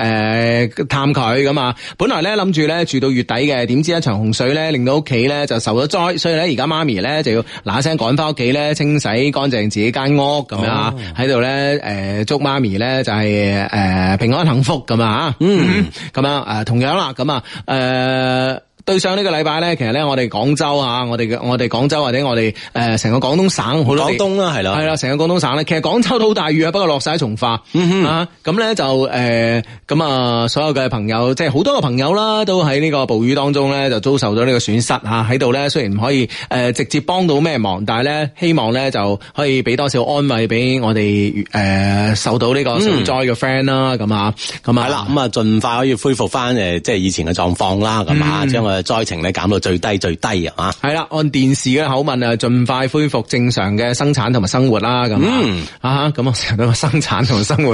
誒探佢咁啊，本來咧諗住咧住到月。底嘅，點知一場洪水咧，令到屋企咧就受咗災，所以咧而家媽咪咧就要嗱聲趕翻屋企咧清洗乾淨自己間屋咁樣，喺度咧誒祝媽咪咧就係、是、誒、呃、平安幸福咁啊吓，嗯，咁、嗯、誒、呃、同樣啦，咁啊誒。呃對上呢個禮拜咧，其實咧我哋廣州啊，我哋嘅我哋廣州或者我哋誒成個廣東省好多廣東啦係啦，係啦成個廣東省咧，其實廣州都好大雨啊，不過落晒喺從化、嗯、啊，咁咧就誒咁啊所有嘅朋友，即係好多嘅朋友啦，都喺呢個暴雨當中咧，就遭受咗呢個損失吓，喺度咧雖然唔可以誒直接幫到咩忙，但係咧希望咧就可以俾多少安慰俾我哋誒、呃、受到呢個水災嘅 friend 啦，咁啊咁啊係啦，咁啊盡快可以恢復翻誒即係以前嘅狀況啦，咁啊將我。嗯災情咧減到最低最低啊！係啦，按電視嘅口吻、嗯、啊，盡快恢復正常嘅生產同埋生活啦，咁嗯吓咁啊成日都話生產同埋生活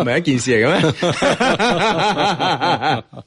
唔係一件事嚟嘅咩？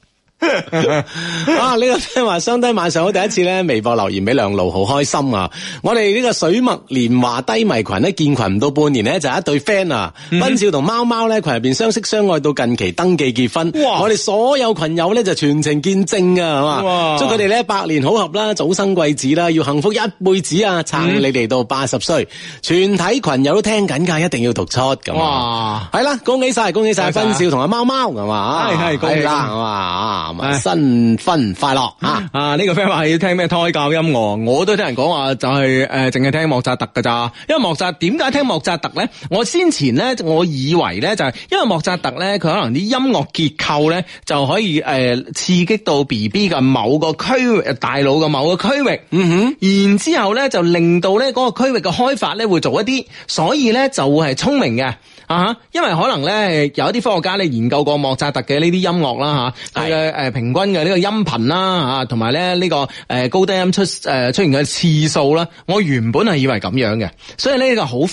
啊！呢個聽話雙低晚上好，第一次咧微博留言俾梁路，好開心啊！我哋呢個水墨年華低迷群咧，建群唔到半年咧，就係一對 friend 啊，分、嗯、少同貓貓咧，群入邊相識相愛到近期登記結婚，哇我哋所有群友咧就全程見證啊，係嘛，祝佢哋咧百年好合啦，早生貴子啦，要幸福一輩子啊，撐你哋到八十歲，全體群友都聽緊噶，一定要讀出咁啊，係啦，恭喜晒，恭喜晒，分少同阿貓貓咁啊，係係恭喜啦，咁啊新婚快樂啊！啊，呢、啊這個 friend 話係要聽咩胎教音樂，我都聽人講話就係、是、誒，淨、呃、係聽莫扎特嘅咋？因為莫扎點解聽莫扎特咧？我先前咧，我以為咧就係、是、因為莫扎特咧，佢可能啲音樂結構咧就可以誒、呃、刺激到 B B 嘅某個區域，大腦嘅某個區域。嗯哼，然之後咧就令到咧嗰個區域嘅開發咧會做一啲，所以咧就會係聰明嘅。啊吓，因為可能咧，有一啲科學家咧研究過莫扎特嘅呢啲音樂啦，吓、啊，佢嘅誒平均嘅呢個音頻啦，吓同埋咧呢個誒高低音出誒出現嘅次數啦。我原本係以為咁樣嘅，所以呢個好科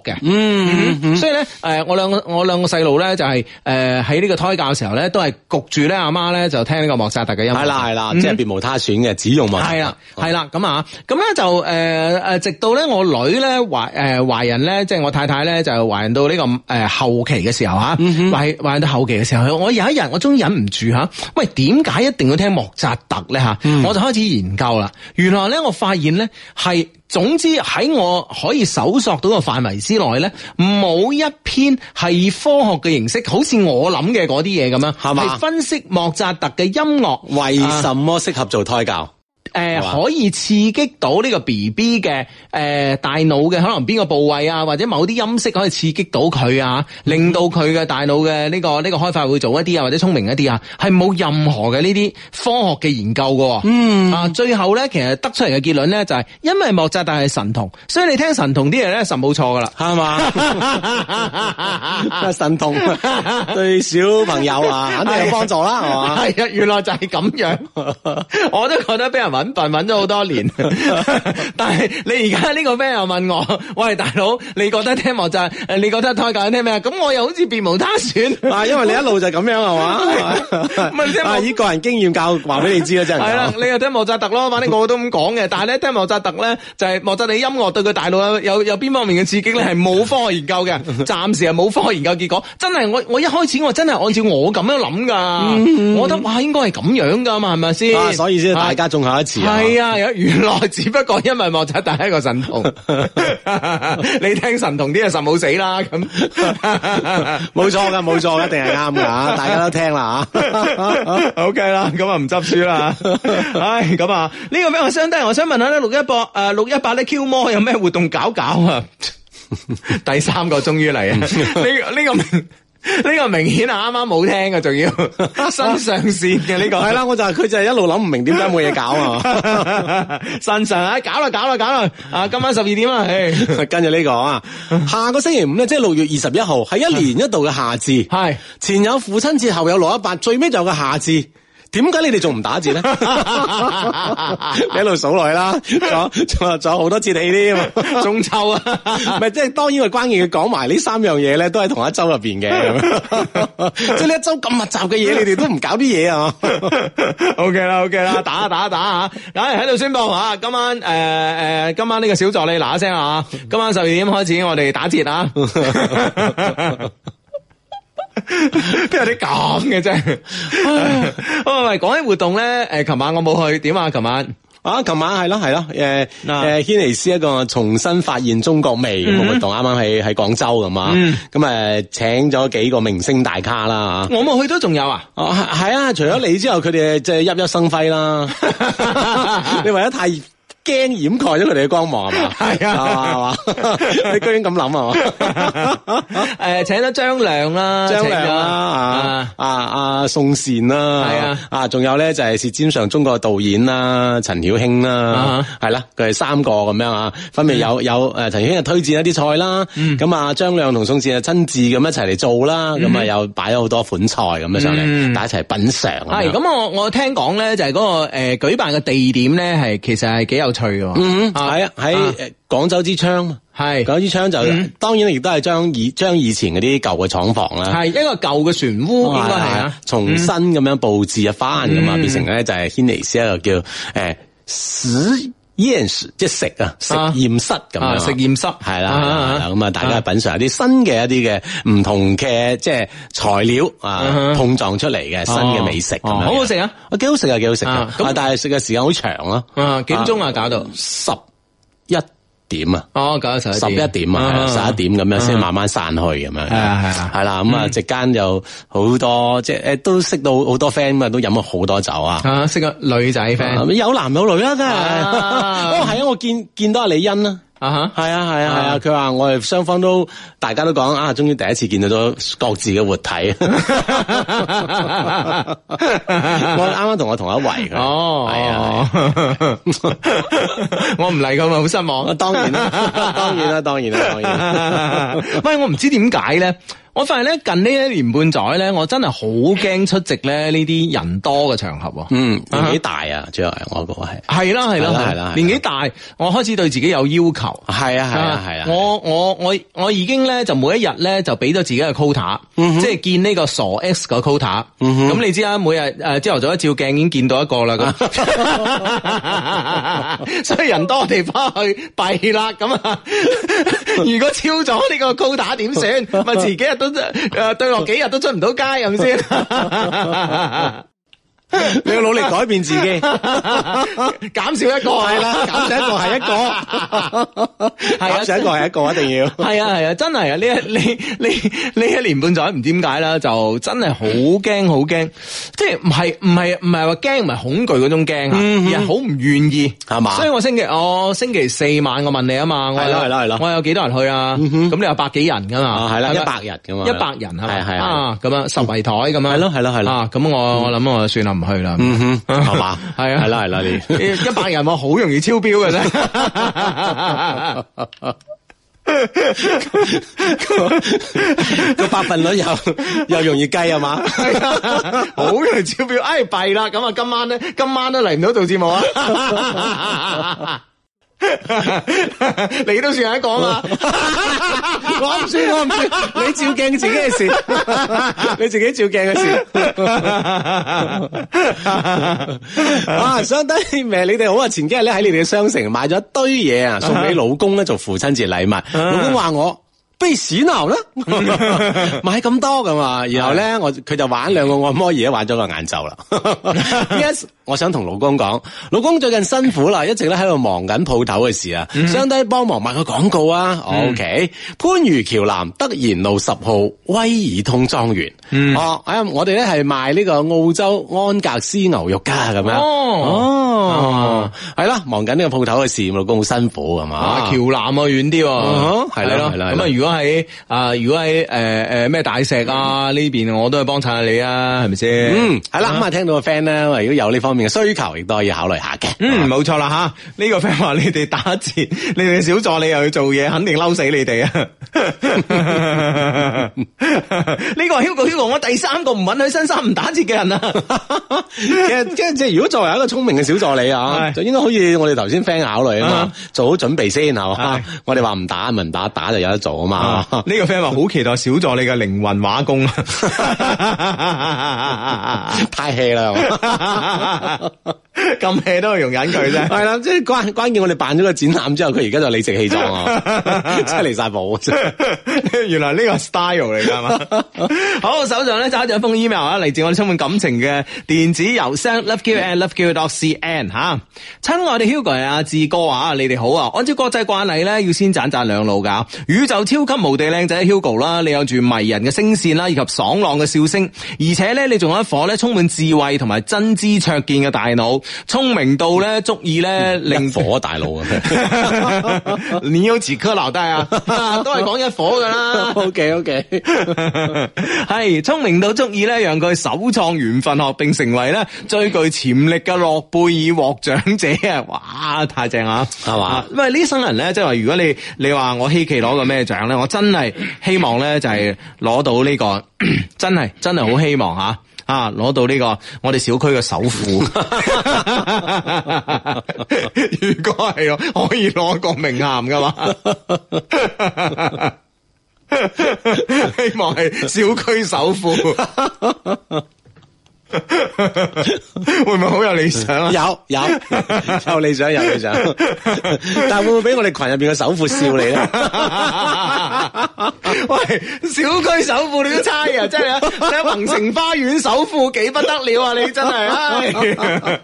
學嘅、嗯嗯。嗯，所以咧誒我，我兩個我兩個細路咧就係誒喺呢個胎教嘅時候咧，都係焗住咧阿媽咧就聽呢個莫扎特嘅音樂，係啦係啦，即係別無他選嘅，只用莫。係啦係啦，咁、嗯、啊咁咧就誒誒、呃、直到咧我女咧懷誒懷孕咧，即係、呃就是、我太太咧就懷孕到呢、這個。誒、呃，後期嘅時候啊，玩、嗯、話到後期嘅時候，我有一日我終於忍唔住吓，喂，點解一定要聽莫扎特咧吓、嗯？我就開始研究啦，原來咧我發現咧係，總之喺我可以搜索到嘅範圍之內咧，冇一篇係以科學嘅形式，好似我諗嘅嗰啲嘢咁樣，係嘛？分析莫扎特嘅音樂為什麼適合做胎教？啊誒、呃，可以刺激到呢個 B B 嘅誒大腦嘅，可能邊個部位啊，或者某啲音色可以刺激到佢啊，令到佢嘅大腦嘅呢個呢、呢個開發會做一啲啊，或者聰明一啲啊，係冇任何嘅呢啲科學嘅研究噶、啊。嗯啊，最後咧，其實得出嚟嘅結論咧，就係、是、因為莫扎特係神童，所以你聽神童啲嘢咧，神冇錯噶啦，係嘛？ 神童，對小朋友啊，肯 定有幫助啦，係嘛？係啊，原來就係咁樣， 我都覺得俾人話。揾咗好多年， 但係你而家呢個咩？又問我，喂，大佬，你覺得聽莫扎？你覺得胎教聽咩？咁我又好似別無他選，啊，因為你一路就咁樣係嘛，唔係即係以個人經驗教話俾你知咯，真 係。係啦，你又聽莫扎特咯， 反正我都咁講嘅。但係咧，聽莫扎特咧，就係、是、莫扎你音樂對佢大腦有有邊方面嘅刺激咧，係冇科學研究嘅，暫時係冇科學研究結果。真係我我一開始我真係按照我咁樣諗噶、嗯，我覺得哇，應該係咁樣噶嘛，係咪先？所以先大家、啊、仲下。係啊，原來只不過因為莫扎特第一個神童， 你聽神童啲人神冇死啦，咁冇錯噶，冇 錯，一定係啱噶，大家都聽啦 ，OK 啦，咁、 哎、啊唔執輸啦，唉，咁啊呢個名我相對，我想問下咧六一八，誒六一八咧 Q 魔有咩活動搞搞啊？ 第三個終於嚟啊，呢 呢、這個呢 個明顯係啱啱冇聽嘅，仲要新上綫嘅呢、這個係 啦，我就係佢就係一路諗唔明點解冇嘢搞啊！新 上，啊、哎，搞啦，搞啦，搞啦！啊，今晚十二點啊，誒， 跟住呢、這個啊，下個星期五咧，即係六月二十一號，係一年一度嘅夏至，係 前有父親節，後有六一八，最尾就有個夏至。點解你哋仲唔打折咧？ 你一路數落去啦，仲仲仲有好多次你添中秋啊，咪即係當然係關鍵，佢講埋呢三樣嘢咧，都係同一周入邊嘅。即係呢一周咁密集嘅嘢， 你哋都唔搞啲嘢啊？OK 啦，OK 啦，打啊打啊打啊！嗱，喺度宣布啊，今晚誒誒、呃，今晚呢個小助理嗱一聲啊，今晚十二點開始我哋打折啊！ 邊有啲講嘅啫？哦，喂，講起活動咧，誒，琴晚我冇去，點啊？琴晚啊，琴晚係咯係咯，誒誒，軒、no. 呃、尼斯一個重新發現中國味嘅活動，啱啱喺喺廣州咁嘛。咁、mm、啊 -hmm. 嗯，請咗幾個明星大咖啦。我冇去都仲有啊？哦，係啊，除咗你之後，佢哋即係熠熠生輝啦。 你為咗太驚掩蓋咗佢哋嘅光芒，係啊係嘛，你居然咁諗、 呃、啊？誒、啊，請咗張亮啦，張亮啦，啊啊，啊宋茜啦、啊，係啊啊，仲有咧就係舌尖上中國嘅導演啦、啊，陳曉卿啦，係啦、啊啊，佢係三個咁樣啊，分別有、嗯、有誒，陳曉卿推薦一啲菜啦、啊，咁、嗯、啊張亮同宋茜啊親自咁一齊嚟做啦，咁、嗯、啊、嗯、又擺咗好多款菜咁、嗯、樣上嚟，大家一齊品嘗。係咁，我我聽講咧就係、是、嗰、那個誒、呃、舉辦嘅地點咧係其實係幾有趣的。去嗯喎，係啊，喺誒廣州之窗，係廣州之窗就，嗯、當然亦都係將以將以前嗰啲舊嘅廠房啦，係一個舊嘅船塢應該係啊，重新咁樣布置一番咁啊，變成咧就係軒尼斯一個叫誒、欸、史。Yes，即係食，食驗啊，食驗室咁啊，食驗室係啦，咁啊，大家品嘗下啲新嘅一啲嘅唔同嘅即係材料啊，啊，碰撞出嚟嘅新嘅美食咁好好食啊，幾好食啊，幾好食啊。咁但係食嘅時間好長咯，啊，幾多鐘啊搞到十一。啊好好哦那個、11點 ,11 點啊！哦，九十一十一點啊，十一點咁樣先慢慢散去咁樣，係啦咁啊，席間就好多即係誒，都識到好多 friend 嘛，都飲咗好多酒啊！啊，啊啊嗯、識，啊識個女仔 friend，有男有女啊。真係，哦係啊， 我見見到阿李欣啊。Uh -huh. 係啊！係啊！係啊！係啊！佢話我哋雙方都大家都講啊，終於第一次見到咗各自嘅活體。 我啱啱同我同一圍㗎。哦、oh, 哎， 我唔嚟㗎咪好失望。當然啦， 當然啦，當然啦，當然。喂，我唔知點解咧。我發現咧，近呢一年半載咧，我真係好驚出席咧呢啲人多嘅場合。嗯，年紀大啊，主要我個話係係啦，係啦，係啦，年紀大，我開始對自己有要求。係啊，係啊，係啊，我我我我已經咧就每一日咧就俾咗自己嘅 quota，、嗯、即係見呢個傻 X 個 quota。咁、嗯、你知啊，每日誒朝頭早一照鏡已經見到一個啦咁，所、啊、以 人多地方去弊啦。咁啊，如果超咗呢個 quota 點算？咪自己都誒對落幾日都出唔到街係咪先？ 你要努力改變自己，減少一個係啦，減少一個係一個，係啊，少一個係一個， 一,一,一定要。 係啊，係啊，啊，真係啊，呢一，你，你你你一年半載唔知點解啦，就真係好驚，好驚，即係唔係唔係唔係話驚，唔係恐懼嗰種驚，而係好唔願意係嘛、嗯。所以我星期我星期四晚我問你啊嘛，我有幾多人去啊？咁、嗯、你有百幾人噶嘛，係啦，一百人噶嘛，一百人係係咁樣，十圍台咁樣，係咯係咯，咁我我諗我就算啦。唔去啦，係嘛，係、嗯、啊，係啦、啊，係 啦，你一百人我好容易超標嘅咧，個 百分率又又容易計係嘛，好 容易超標，哎，弊啦，咁啊，今晚咧，今晚都嚟唔到做節目啊。 你都算係講啊， 我唔算，我唔算，你照鏡自己嘅事， 你自己照鏡嘅事。哇、 啊，想得美！你哋好啊！前幾日咧喺你哋嘅商城買咗一堆嘢啊，送俾老公咧做父親節禮物。 老公話我。非屎鬧啦， 買咁多噶嘛，然後咧我佢就玩兩個按摩椅，玩咗個眼罩啦。Yes，我想同老公講，老公最近辛苦啦，一直咧喺度忙緊鋪頭嘅事啊，想、嗯、低幫忙賣個廣告啊。嗯、OK，番禺橋南德賢路十號威爾通莊園，哦、嗯啊，我哋咧係賣呢個澳洲安格斯牛肉家咁樣哦係係、啊啊、啦，忙緊呢個鋪頭嘅事，老公好辛苦㗎嘛，橋、啊、南啊，遠啲、啊、係、嗯、咯，咁啊如果。喺啊，如果喺誒誒咩大石啊呢邊，邊我都去幫襯下你啊，係咪先？嗯，係啦，咁啊聽到個 friend 咧，如果有呢方面嘅需求，亦都可以考慮下嘅。嗯，冇錯啦吓，呢、這個 friend 話你哋打折，你哋小助理又要做嘢，肯定嬲死你哋啊！呢、嗯、 個 Hugo、Hugo 我第三個唔允許新衫唔打折嘅人啊！ 其實即係即係，如果作為一個聰明嘅小助理啊、哎，就應該可以我哋頭先 friend 考慮啊嘛，做好準備先係嘛、哎嗯，我哋話唔打唔打，打就有得做啊嘛。啊！呢、啊，這個 friend 話，好期待小助你嘅靈魂畫功， 太氣啦！ 咁 hea 都係容忍佢啫，係 啦，即係關關鍵，我哋辦咗個展覽之後，佢而家就理直氣壯啊， 真係離晒譜， 原來呢個 style 嚟噶嘛？ 好，我手上咧揸住一封 email 啊，嚟自我哋充滿感情嘅電子郵箱 loveqandloveq.cn 吓，親愛嘅 Hugo 啊，志哥啊，你哋好啊！按照國際慣例咧，要先讚讚兩路噶，宇宙超級無敵靚仔 Hugo 啦，你有住迷人嘅聲線啦，以及爽朗嘅笑聲，而且咧你仲有一顆咧充滿智慧同埋真知灼見嘅大腦。聰明到咧，足以咧令火大佬啊！你要自咳留低啊？都係講一火噶啦。O K O K，係聰明到足以咧， okay, okay. 以讓佢首創緣分學，並成為咧最具潛力嘅諾貝爾獲獎者啊！哇，太正啊！係嘛？ 因為呢生人咧，即係話如果你你話我希冀攞個咩獎咧，我真係希望咧就係攞到呢個， 真係真係好希望吓。啊！攞到呢個我哋小區嘅首富， 如果係咯，可以攞個名銜噶嘛？ 希望係小區首富。 會唔會好有理想啊？ 有有有理想有理想，理想 但係會唔會俾我哋群入邊嘅首富笑你咧，啊？ 喂，小區首富你都差啊！ 真係啊，喺鵬城花園首富幾不得了啊！你真係，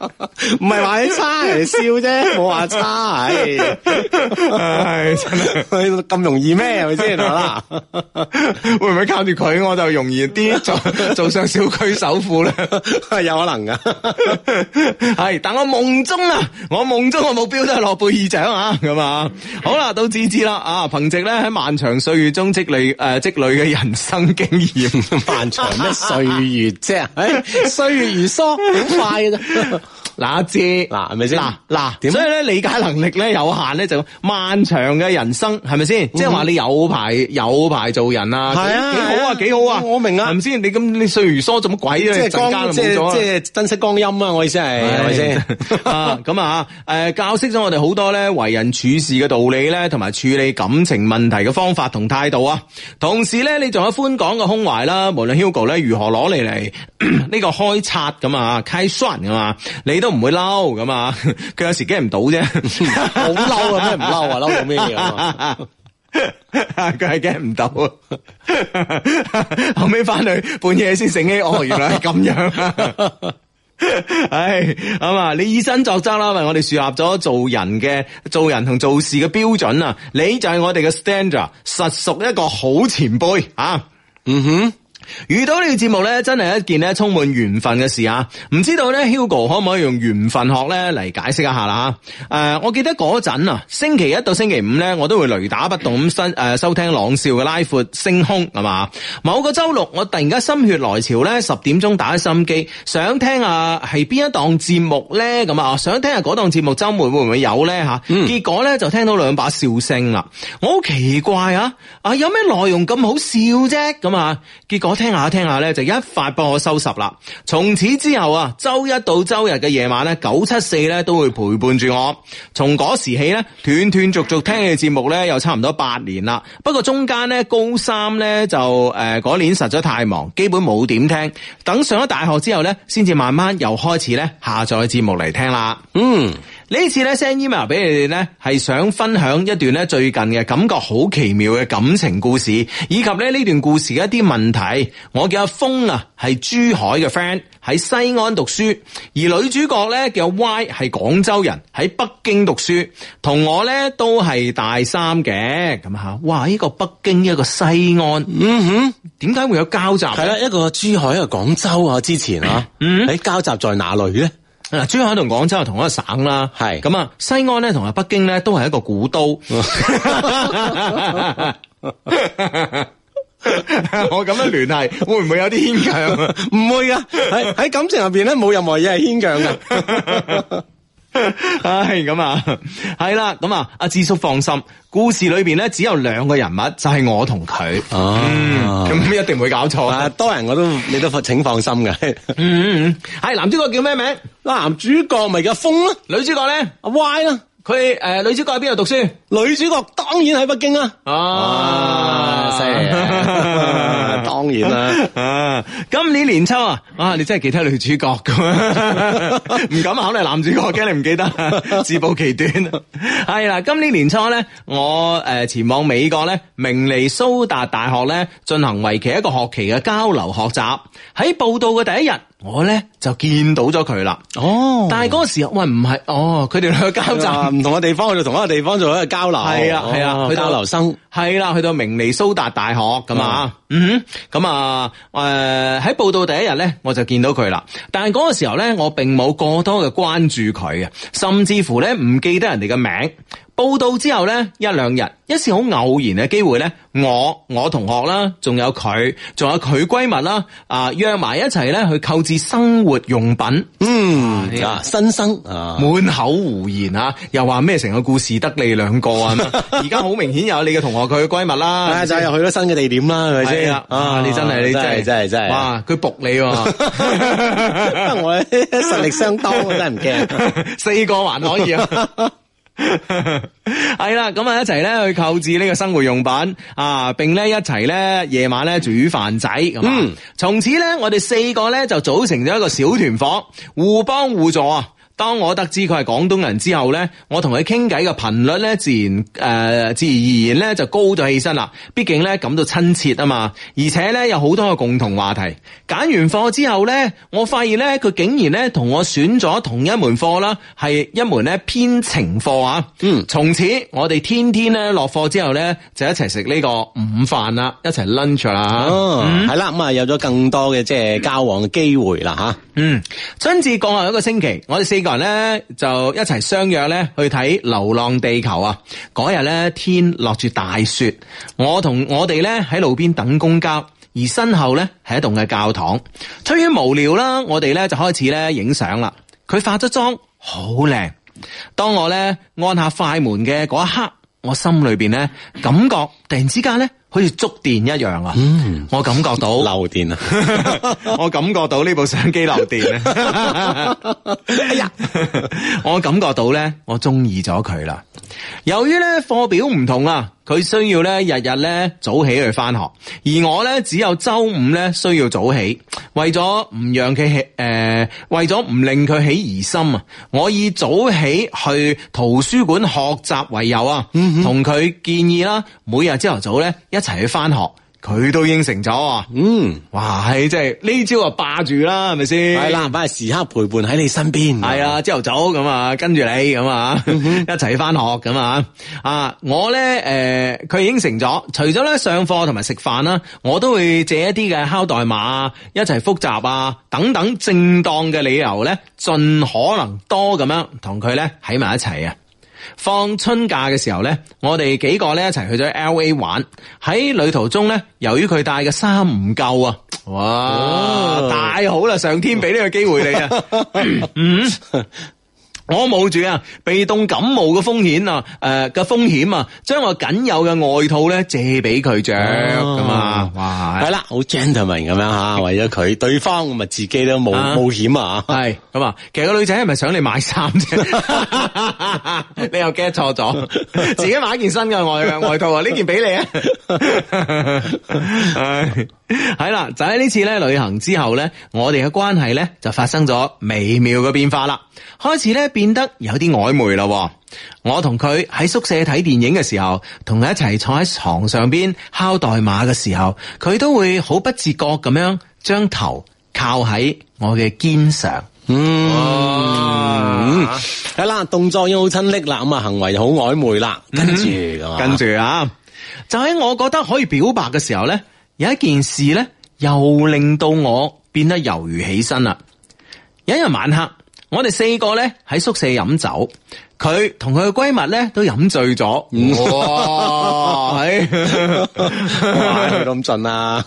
唔係話你差，啊，係笑啫，冇話差，啊。係、 哎、真係！咁 容易咩？係咪先啦？會唔會靠住佢我就容易啲做做上小區首富咧？ 係 有可能噶，係，但我夢中啊，我夢中個目標都係諾貝爾獎啊，咁啊，好啦，都知知啦，啊，憑藉咧喺漫長歲月中積累誒積、呃、累嘅人生經驗，漫長嘅歲月啫，歲、 哎、月如梭，好快啊！ 嗱阿姐，嗱係咪先？嗱嗱點？所以咧理解能力咧有限咧，就漫長嘅人生係咪先？即係話你有排有排做人啊，係、嗯、啊，幾好啊，幾好啊，我，我，我明啊，係咪先？你咁你歲如梭做乜鬼啊？即係即係珍惜光陰啊！我意思係係咪先？咁 啊誒、嗯、教識咗我哋好多咧為人處事嘅道理咧，同埋處理感情問題嘅方法同態度啊。同時咧，你仲有寬廣嘅胸懷啦。無論 Hugo 咧如何攞嚟嚟呢個開拆咁啊，開刷咁啊嘛，你都。都唔會嬲咁 啊，佢有時 get 唔到啫，好嬲啊咩？唔嬲啊，嬲到咩嘢啊，佢係 get 唔到啊， 後尾翻去半夜先醒起，哦，原來係咁樣，啊 哎，唉咁啊，你以身作則啦，為我哋樹立咗做人嘅做人同做事嘅標準啊，你就係我哋嘅 standard，實屬一個好前輩啊，嗯哼。遇到呢個節目咧，真係一件咧充滿緣分嘅事啊！唔知道咧，Hugo 可唔可以用緣分學咧嚟解釋一下啦誒、呃，我記得嗰陣啊，星期一到星期五咧，我都會雷打不動咁新誒收聽朗少嘅拉闊星空係嘛？某個周六，我突然間心血來潮咧，十點鐘打開心機想聽啊係邊一檔節目咧？咁啊，想聽下嗰檔節目週末會唔會有咧吓、嗯？結果咧就聽到兩把笑聲啦，我好奇怪啊！啊，有咩內容咁好笑啫？咁啊，結果。聽下聽下咧，就一發幫我收拾啦。從此之後啊，周一到周日嘅夜晚咧，九七四咧都會陪伴住我。從嗰時起咧，斷斷續續聽嘅節目咧，又差唔多八年啦。不過中間咧，高三咧就誒嗰，呃，年實在太忙，基本冇點聽。等上咗大學之後咧，先至慢慢又開始咧下載節目嚟聽啦。嗯。呢次咧 send email 俾你哋咧，係想分享一段咧最近嘅感覺好奇妙嘅感情故事，以及咧呢段故事嘅一啲問題。我叫阿峰啊，係珠海嘅 friend，喺西安讀書；而女主角咧叫 Y，係廣州人，喺北京讀書，同我咧都係大三嘅。咁吓，哇！呢個北京一個西安，嗯哼，點解會有交集？係啦，一個珠海啊，一個廣州啊，之前啊，嗯，喺交集在哪裡咧？嗱，珠海同廣州係同一個省啦，係咁啊，西安咧同埋北京咧都係一個古都。 我咁樣聯繫， 會唔會有啲牽強啊？唔 會啊的，喺， 喺感情入邊咧，冇任何嘢係牽強噶。 係 咁啊，係啦，咁啊，阿智叔放心，故事裏邊咧只有兩個人物，就係、是、我同佢哦，咁、啊嗯、一定唔會搞錯啊，多人我都你都請放心嘅，嗯 嗯，係男主角叫咩名、啊？男主角咪叫風咯，女主角咧阿、啊、Y 啦。佢誒、呃，女主角喺邊度讀書？女主角當然喺北京啊啊，犀、啊、利、啊，當然啦。啊，今年年初啊， 啊，你真係記得女主角咁，唔 敢考慮男主角，驚 你唔記得，自暴其短。係 啦、啊，今年年初咧，我誒前往美國咧，明尼蘇達大學咧，進行為期一個學期嘅交流學習。喺報到嘅第一日。我咧就見到咗佢啦，哦！但係嗰個時候喂唔係哦，佢哋兩個交集唔同嘅地方，去 到同一個地方做一個交流，係啊係啊，去到留生，係啦，去到明尼蘇達大學咁、嗯、啊，嗯哼，咁、嗯、啊誒喺、呃、報道第一日咧，我就見到佢啦，但係嗰個時候咧，我並冇過多嘅關注佢啊，甚至乎咧唔記得人哋嘅名。報道之後咧，一兩日，一次好偶然嘅機會咧，我、我同學啦，仲有佢，仲有佢閨蜜啦，啊，約埋一齊咧去購置生活用品。嗯，啊哎、新生，滿、啊、口胡言啊，又話咩成個故事得你兩個啊？而家好明顯有你嘅 同學，佢嘅閨蜜啦，走 又去咗新嘅地點啦，係咪先啊？你真係、啊，你真係，真係，真係，哇！佢仆你、啊，我 實力相當，我真係唔驚， 四個還可以。 係 啦，咁啊一齊咧去購置呢個生活用品啊，並咧一齊咧夜晚咧煮飯仔。嗯，從此咧我哋四個咧就組成咗一個小團伙，互幫互助啊！當我得知佢係廣東人之後呢，我同佢傾偈嘅頻率咧，自然誒、呃、自然而然咧就高咗起身啦。畢竟呢，感到親切啊嘛，而且呢，有好多個共同話題。揀完課之後呢，我發現呢，佢竟然呢同我選咗同一門課啦，係一門咧編程課啊。嗯，從此我哋天天呢落課之後呢，就一齊食呢個午飯啦，一齊 lunch 啦。哦，係、嗯、啦，咁啊有咗更多嘅即係交往嘅機會啦吓。嗯，春至過後一個星期，我哋四。嗰日咧就一齊相約咧去睇《流浪地球》啊！嗰日咧天落住大雪，我同我哋咧喺路邊等公交，而身後咧係一棟嘅教堂。出於無聊啦，我哋咧就開始咧影相啦。佢化咗妝，好靚。當我咧按下快門嘅嗰一刻，我心裏邊咧感覺突然之間咧。好似觸電一樣啊！我感覺到漏電啊！我感覺到呢部相機漏電啊！ 電啊 哎呀，我感覺到咧，我中意咗佢啦。由於咧課表唔同啊，佢需要咧日日咧早起去返學，而我咧只有周五咧需要早起，為咗唔讓佢起，誒、呃，為咗唔令佢起疑心啊，我以早起去圖書館學習為由啊，同、嗯、佢建議啦，每日朝頭早咧。一齊去翻學，佢都應承咗。啊。嗯，哇，係即係呢招啊，霸住啦，係咪先？係啦，反正時刻陪伴喺你身邊。係啊，朝頭早咁啊，跟住你咁啊， 一齊去翻學咁啊。啊，我咧誒，佢、呃、應承咗，除咗咧上課同埋食飯啦，我都會借一啲嘅敲代碼、一齊復習啊等等正當嘅理由咧，盡可能多咁樣同佢咧喺埋一齊啊。放春假嘅時候咧，我哋幾個咧一齊去咗 LA 玩。喺旅途中咧，由於佢帶嘅衫唔夠啊，哇！太好啦，上天俾呢個機會你啊。 嗯我冒住啊，被凍感冒嘅風險、呃、啊，誒嘅風險啊，將我僅有嘅外套咧借俾佢着，咁啊，哇，係啦，好 gentleman 咁樣吓，為咗佢，對方咪自己都冇冒險啊，係，咁啊，其實個女仔係咪想你買衫啫？ 你又 get 錯咗， 自己買一件新嘅外嘅外套啊，呢 件俾你啊。 係 啦，就喺呢次咧旅行之後咧，我哋嘅關係咧就發生咗微妙嘅變化啦，開始咧變得有啲曖昧啦。我同佢喺宿舍睇電影嘅時候，同佢一齊坐喺床上邊敲代碼嘅時候，佢都會好不自覺咁樣將頭靠喺我嘅肩上。嗯，係、啊、啦、嗯嗯，動作已經好親昵啦，咁啊，行為又好曖昧啦。跟住、嗯，跟住啊，就喺我覺得可以表白嘅時候咧。有一件事咧，又令到我變得猶豫起身啦。有一日晚黑，我哋四個咧喺宿舍飲酒，佢同佢嘅閨蜜咧都飲醉咗。哇，咁 盡 啊！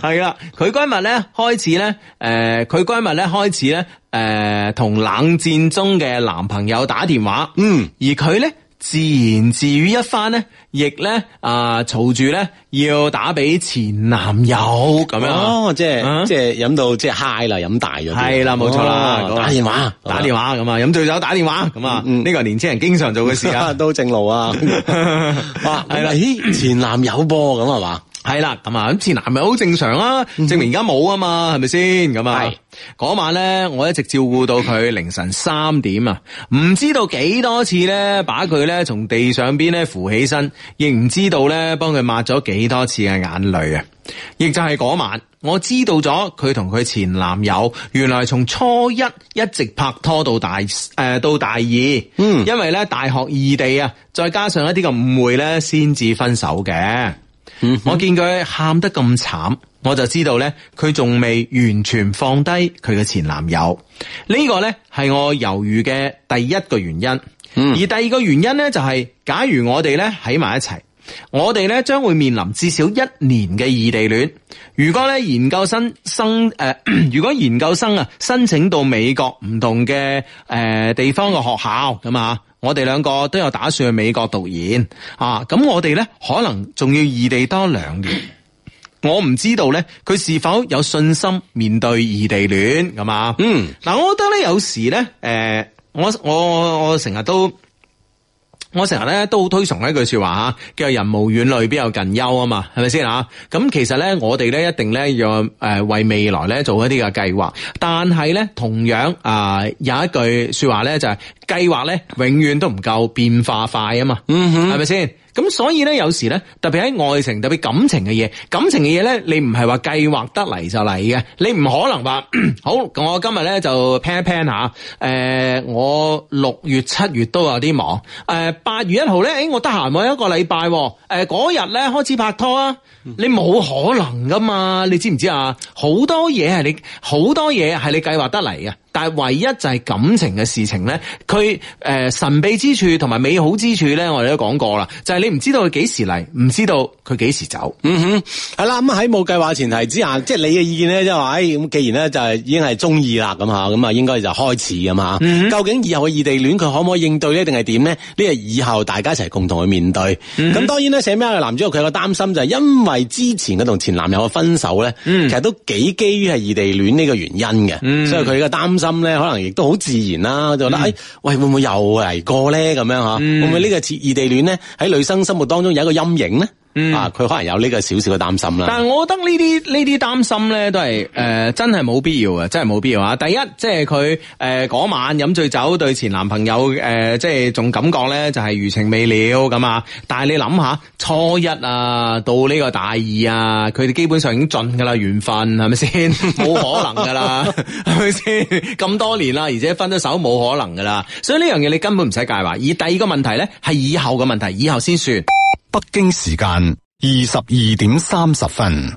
係 啦， 佢閨蜜咧開始咧，誒、呃，佢閨蜜咧開始咧，誒、呃，同冷戰中嘅男朋友打電話。嗯，而佢咧。自言自語一番咧，亦咧啊嘈住咧，要打俾前男友咁樣。哦、即係、啊、即係飲到即係 high 啦，飲大咗。係啦，冇錯啦，打電話打電話咁啊，飲醉酒打電話咁啊，呢、嗯嗯呢個年輕人經常做嘅事 啊，都正路啊。哇，係啦，咦，前男友噃咁係嘛？係啦，係咁前男友好正常啊，嗯、證明而家冇啊嘛，係咪先咁啊？嗰晚咧，我一直照顧到佢凌晨三點啊，唔知道幾多次咧，把佢咧從地上邊咧扶起身，亦唔知道咧幫佢抹咗幾多次嘅眼淚啊！亦就係嗰晚，我知道咗佢同佢前男友，原來從初一一直拍拖到大誒到大二，嗯，因為咧大學異地啊，再加上一啲嘅誤會咧，先至分手嘅。 我見佢喊得咁慘，我就知道咧，佢仲未完全放低佢嘅前男友。呢個咧係我猶豫嘅第一個原因。 而第二個原因咧就係、是，假如我哋咧喺埋一齊，我哋咧將會面臨至少一年嘅異地戀。如果咧研究生生誒，如果研究生啊、呃、申請到美國唔同嘅誒地方嘅學校咁啊。我哋兩個都有打算去美國讀研啊，咁我哋咧可能仲要異地多兩年，我唔知道咧佢是否有信心面對異地戀，咁嘛？嗯，嗱、嗯，我覺得咧有時咧，誒、呃，我我我成日都。我成日咧都推崇一句說話叫人無遠慮，必有近憂啊嘛，係咪先？咁其實咧，我哋咧一定咧要誒為未來咧做一啲嘅計劃，但係咧同樣啊有一句說話咧就係計劃咧永遠都唔夠變化快啊嘛，嗯哼，係咪先？咁所以咧，有時咧，特別喺愛情，特別感情嘅嘢，感情嘅嘢咧，你唔係話計劃得嚟就嚟嘅，你唔可能話 好，我今日咧就 plan 一 plan 吓，誒、呃，我六月、七月都有啲忙，誒、呃，八月一號咧，誒、哎，我得閒，我一個禮拜，啊，誒、呃，嗰日咧開始拍拖啊，你冇可能噶嘛，你知唔知啊？好多嘢係你，好多嘢係你計劃得嚟嘅。但係唯一就係感情嘅事情咧，佢誒、呃、神秘之處同埋美好之處咧，我哋都講過啦，就係、是、你唔知道佢幾時嚟，唔知道佢幾時走。嗯哼，係啦，咁喺冇計劃前提之下，即係你嘅意見咧，即係話，誒，咁既然咧就係、是、已經係中意啦，咁吓，咁啊應該就是開始啊嘛、嗯。究竟以後嘅異地戀佢可唔可以應對咧，定係點咧？呢個以後大家一齊共同去面對。咁、嗯、當然咧，寫咩男主角佢個擔心就係因為之前佢同前男友嘅分手咧、嗯，其實都幾基於係異地戀呢個原因嘅、嗯，所以佢個擔心。咁咧，可能亦都好自然啦，就覺得誒、嗯哎、喂，會唔會又嚟過咧？咁樣吓，會唔會呢個異異地戀咧喺女生心目當中有一個陰影咧？嗯、啊！佢可能有呢個少少嘅擔心啦，但係我覺得這些這些擔心呢啲呢啲擔心咧都係誒、呃、真係冇必要啊，真係冇必要啊！第一，即係佢誒嗰晚飲醉酒對前男朋友誒，即係仲感覺咧就係、是、餘情未了咁啊！但係你諗下初一啊到呢個大二啊，佢哋基本上已經盡噶啦緣分係咪先？冇 可能噶啦，係咪先？咁多年啦，而且分咗手冇可能噶啦，所以呢樣嘢你根本唔使介懷。而第二個問題咧係以後嘅問題，以後先算。北京時間二十二點三十分，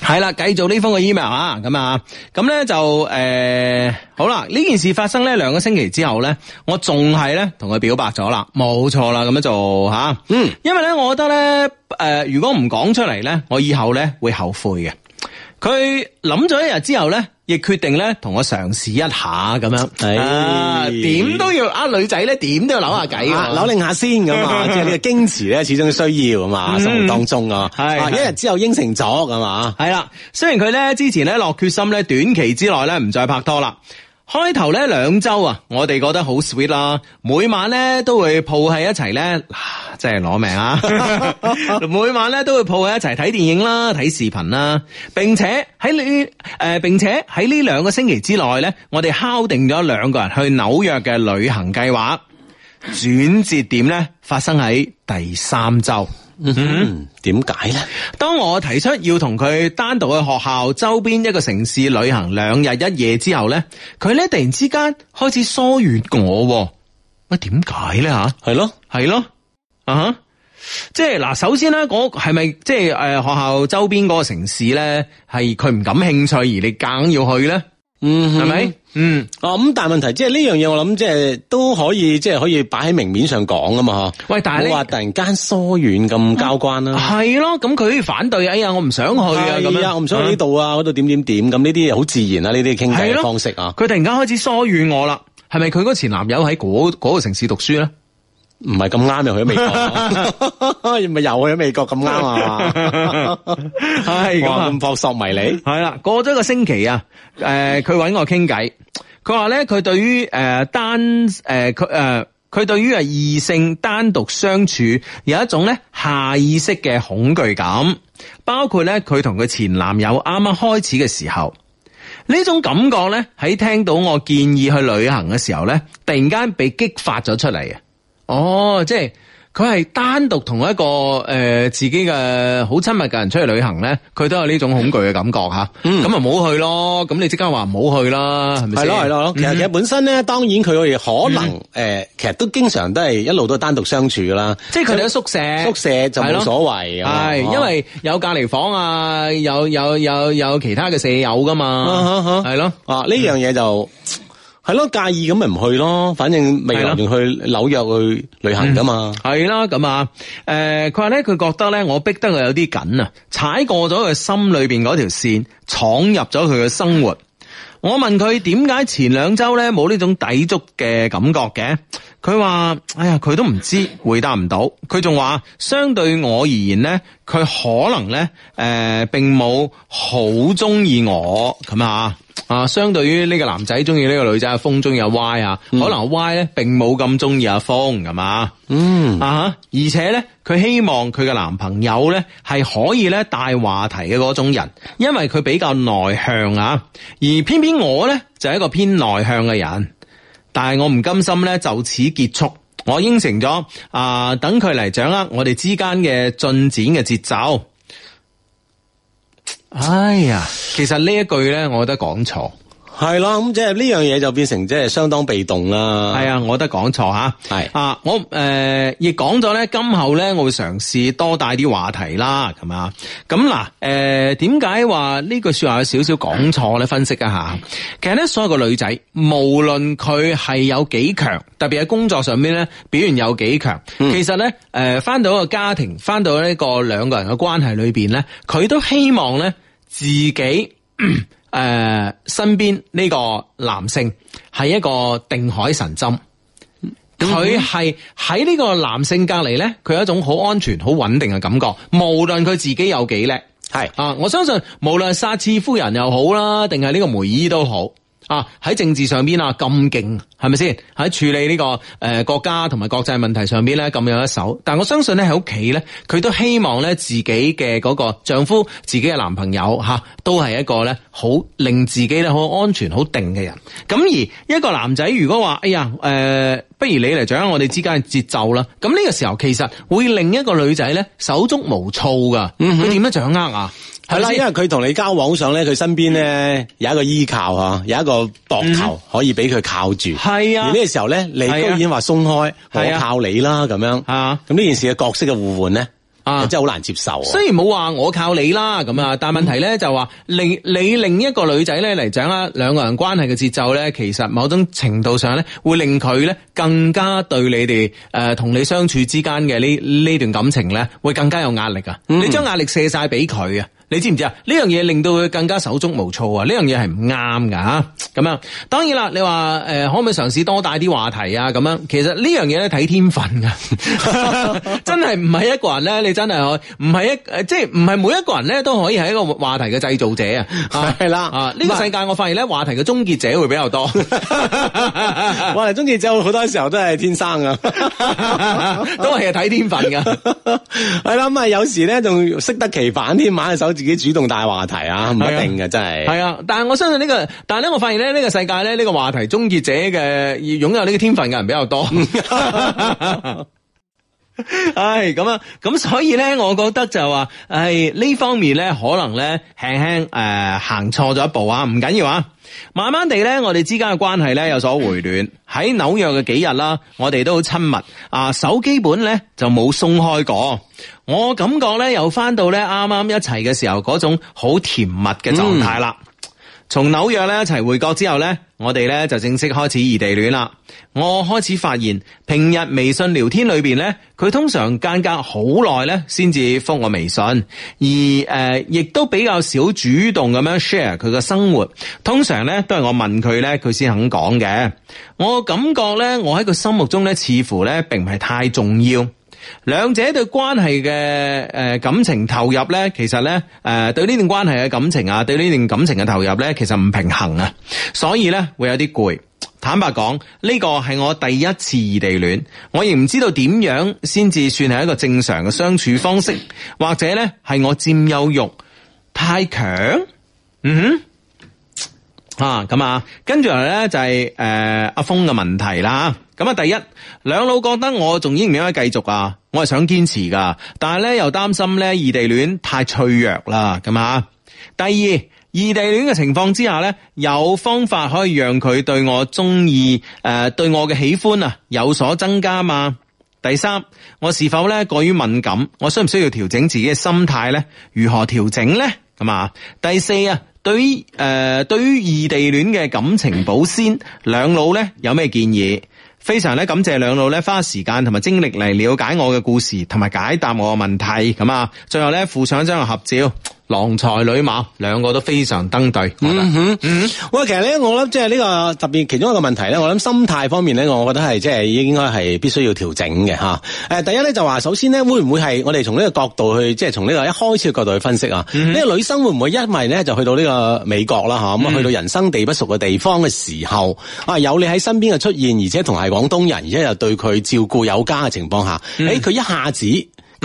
係啦，繼續呢封嘅 email 啊，咁啊，咁咧就誒、呃，好啦，呢件事發生呢兩個星期之後咧，我仲係咧同佢表白咗啦，冇錯啦，咁樣做吓、啊，嗯，因為咧，我覺得咧，誒、呃，如果唔講出嚟，咧，我以後咧會後悔嘅。佢諗咗一日之後咧，亦決定咧同我嘗試一下咁樣，啊、哎、點、哎、都要啊女仔咧點都要扭下偈、啊，扭擰下先咁啊，即 係你嘅矜持咧，始終需要咁嘛，生活當中、嗯、啊，一日之後應承咗咁嘛係啦，雖然佢咧之前咧落決心咧短期之內咧唔再拍拖啦。開頭咧兩周啊，我哋覺得好 sweet 啦，每晚咧都會抱喺一齊咧，嗱即係攞命啊！ 每晚咧都會抱喺一齊睇電影啦、睇視頻啦，並且喺呢誒，並且喺呢兩個星期之內咧，我哋敲定咗兩個人去紐約嘅旅行計劃。轉折點咧發生喺第三周。 嗯哼，點解咧？當我提出要同佢單獨去學校周邊一個城市旅行兩日一夜之後咧，佢咧突然之間開始疏遠我喎。喂，點解咧吓？係咯，係咯，啊、uh -huh.？即係嗱，首先咧，我係咪即係誒、呃？學校周邊嗰個城市咧，係佢唔感興趣，而你梗要去咧？嗯， 係咪？嗯，哦、啊、咁，但係問題即係呢樣嘢，就是、我諗即係都可以，即、就、係、是、可以擺喺明面上講啊嘛，嗬。喂，大佬，咧，話話突然間疏遠咁交關啦、啊。係、啊、咯，咁佢反對哎呀，我唔想去啊，咁樣，我唔想去呢度啊，嗰度、啊、點點點，咁呢啲好自然啊，呢啲傾偈方式啊。佢突然間開始疏遠我啦，係咪佢嗰前男友喺嗰個、那個城市讀書咧？唔係咁啱啊！佢都去咗美國，咪又去咗美國咁啱啊！係我咁撲朔迷離係啦， 過咗一個星期啊，誒、呃，佢揾我傾偈，佢話咧佢對於誒、呃、單誒佢誒佢對於啊異性單獨相處有一種咧下意識嘅恐懼感，包括咧佢同佢前男友啱啱開始嘅時候，呢種感覺咧喺聽到我建議去旅行嘅時候咧，突然間被激發咗出嚟啊！哦，即係佢係單獨同一個誒、呃、自己嘅好親密嘅人出去旅行咧，佢都有呢種恐懼嘅感覺吓，咁啊冇去咯，咁你即刻話唔好去啦，係咪係？係咯，係咯，其實其實本身咧、嗯，當然佢哋可能誒、呃，其實都經常都係一路都單獨相處㗎啦、嗯，即係佢哋喺宿舍，宿舍就冇所謂啊，係因為有隔離房啊，有有有有其他嘅舍友噶嘛，係、啊、咯，啊呢、啊啊啊、樣嘢就。嗯係咯，介意咁咪唔去咯，反正未能去紐約去旅行噶嘛。係啦，咁、嗯、啊，誒，佢話咧，佢覺得咧，我逼得佢有啲緊啊，踩過咗佢心裏邊嗰條線，闖入咗佢嘅生活。我問佢點解前兩周咧冇呢種抵觸嘅感覺嘅？佢話：，哎呀，佢都唔知，回答唔到。佢仲話相對我而言咧，佢可能咧，誒、呃，並冇好中意我咁啊。啊，相對於呢個男仔中意呢個女仔，阿峰中意阿 Y 啊，可能 Y 咧並冇咁中意阿峰，係嘛？嗯 啊，而且咧，佢希望佢嘅男朋友咧係可以咧帶話題嘅嗰種人，因為佢比較內向啊。而偏偏我咧就係，一個偏內向嘅人，但係我唔甘心咧就此結束，我應承咗啊，等佢嚟掌握我哋之間嘅進展嘅節奏。哎呀，其實呢一句呢，我覺得講錯係啦，咁即係呢樣嘢就變成即係相當被動啦。係啊，我覺得講錯吓，係、呃、啊，我誒亦講咗呢，今後、呃、呢，我會嘗試多帶啲話題啦，咁啊，咁嗱誒，點解話呢句說話有少少講錯呢？分析一下，其實呢，所有個女仔無論佢係有幾強，特別係工作上面呢，表現有幾強、嗯，其實呢，誒、呃、翻到一個家庭，翻到呢個兩個人嘅關係裏邊呢，佢都希望呢。自己誒、嗯呃、身邊呢個男性係一個定海神針，佢係喺呢個男性隔離咧，佢有一種好安全、好穩定嘅感覺，無論佢自己有幾叻，係啊，我相信無論沙治夫人又好啦，定係呢個梅姨都好。啊！喺政治上邊啊，咁勁係咪先？喺處理呢、這個誒、呃、國家同埋國際問題上邊咧，咁有一手。但我相信咧喺屋企咧，佢都希望咧自己嘅嗰個丈夫、自己嘅男朋友吓、啊，都係一個咧好令自己咧好安全、好定嘅人。咁而一個男仔如果話，哎呀，誒、呃，不如你嚟掌握我哋之間嘅節奏啦。咁呢個時候其實會令一個女仔咧手足無措噶。佢點樣掌握啊？嗯係啦，因為佢同你交往上咧，佢身邊咧有一個依靠，有一個膊頭可以俾佢靠住。係啊，而呢個時候咧，你都已經話鬆開我靠你啦，咁樣，咁呢件事嘅角色嘅互換咧，真係好難接受。雖然冇話我靠你啦咁啊，但問問題咧就話、是、你，你另一個女仔咧嚟掌握兩個人關係嘅節奏咧，其實某種程度上咧會令佢咧更加對你哋誒、同你相處之間嘅呢呢段感情咧會更加有壓力啊、嗯！你將壓力卸晒俾佢啊！你知唔知啊？呢樣嘢令到佢更加手足無措啊！呢、啊、樣嘢係唔啱噶吓，咁樣當然啦。你話誒、呃，可唔可以嘗試，試多帶啲話題啊？咁樣其實呢樣嘢咧睇天分噶， 真係唔係一個人咧。你真係可唔係一，誒、呃、即係唔係每一個人咧都可以係一個話題嘅製造者啊？係啦，啊，呢、這個世界我發現咧話題嘅終結者會比較多。話 題 終結者好多時候都係天生噶， 都係睇天分噶。係 啦，咁、嗯、啊，有時咧仲適得其反添，玩手指。自己主動帶話題啊，唔一定㗎，真係。係啊，但係我相信呢個，但係咧，我發現咧，呢個世界咧，呢個話題終結者嘅要擁有呢個天分嘅人比較多。 唉，咁啊，咁所以呢，我覺得就話，係呢方面呢，可能呢，輕輕誒行錯咗一步啊，唔緊要啊，慢慢地呢，我哋之間嘅關係呢，有所回暖。喺紐約嘅幾日啦，啊，我哋都好親密啊，手基本呢就冇鬆開過，我感覺呢，又翻到呢啱啱一齊嘅時候嗰種好甜蜜嘅狀態啦。嗯從紐約咧一齊回國之後咧，我哋咧就正式開始異地戀啦。我開始發現平日微信聊天裏邊咧，佢通常間隔好耐咧先至覆我微信，而誒、呃、亦都比較少主動咁樣 share 佢嘅生活。通常咧都係我問佢咧，佢先肯講嘅。我感覺咧，我喺佢心目中咧，似乎咧並唔係太重要。兩者對關係嘅誒感情投入呢，其實呢，誒對呢段關係嘅感情啊，對呢段感情嘅投入呢，其實唔平衡啊，所以呢，會有啲攰。坦白講，呢個係我第一次異地戀，我亦唔知道點樣先至算係一個正常嘅相處方式，或者呢，係我占有欲太強。嗯哼，啊咁啊，跟住嚟呢，就係誒阿峰嘅問題啦。咁啊，第一，兩老覺得我仲應唔應該繼續啊？我係想堅持㗎，但係咧又擔心咧異地戀太脆弱啦。咁啊，第二，異地戀嘅情況之下咧，有方法可以讓佢對我中意誒，對我嘅喜歡啊有所增加嘛。第三，我是否咧過於敏感？我需唔需要調整自己嘅心態咧？如何調整咧？咁啊，第四啊、呃，對於誒，對於異地戀嘅感情保鮮，兩老咧有咩建議？非常咧，感謝兩老咧花時間同埋精力嚟了解我嘅故事，同埋解答我嘅問題。咁啊，最後咧附上一張合照。郎才女貌，兩個都非常登對，我覺得嗯。嗯哼，喂，其實咧，我諗即係呢個特別其中一個問題咧，我諗心態方面咧，我我覺得係即係應該係必須要調整嘅吓。誒、啊，第一咧就話，首先咧會唔會係我哋從呢個角度去，即係從呢個一開始嘅角度去分析啊？呢、嗯這個女生會唔會因為咧就去到呢個美國啦？吓咁啊，去到人生地不熟嘅地方嘅時候，啊、嗯、有你喺身邊嘅出現，而且同係廣東人，而且又對佢照顧有加嘅情況下，誒、嗯，佢、欸、一下子。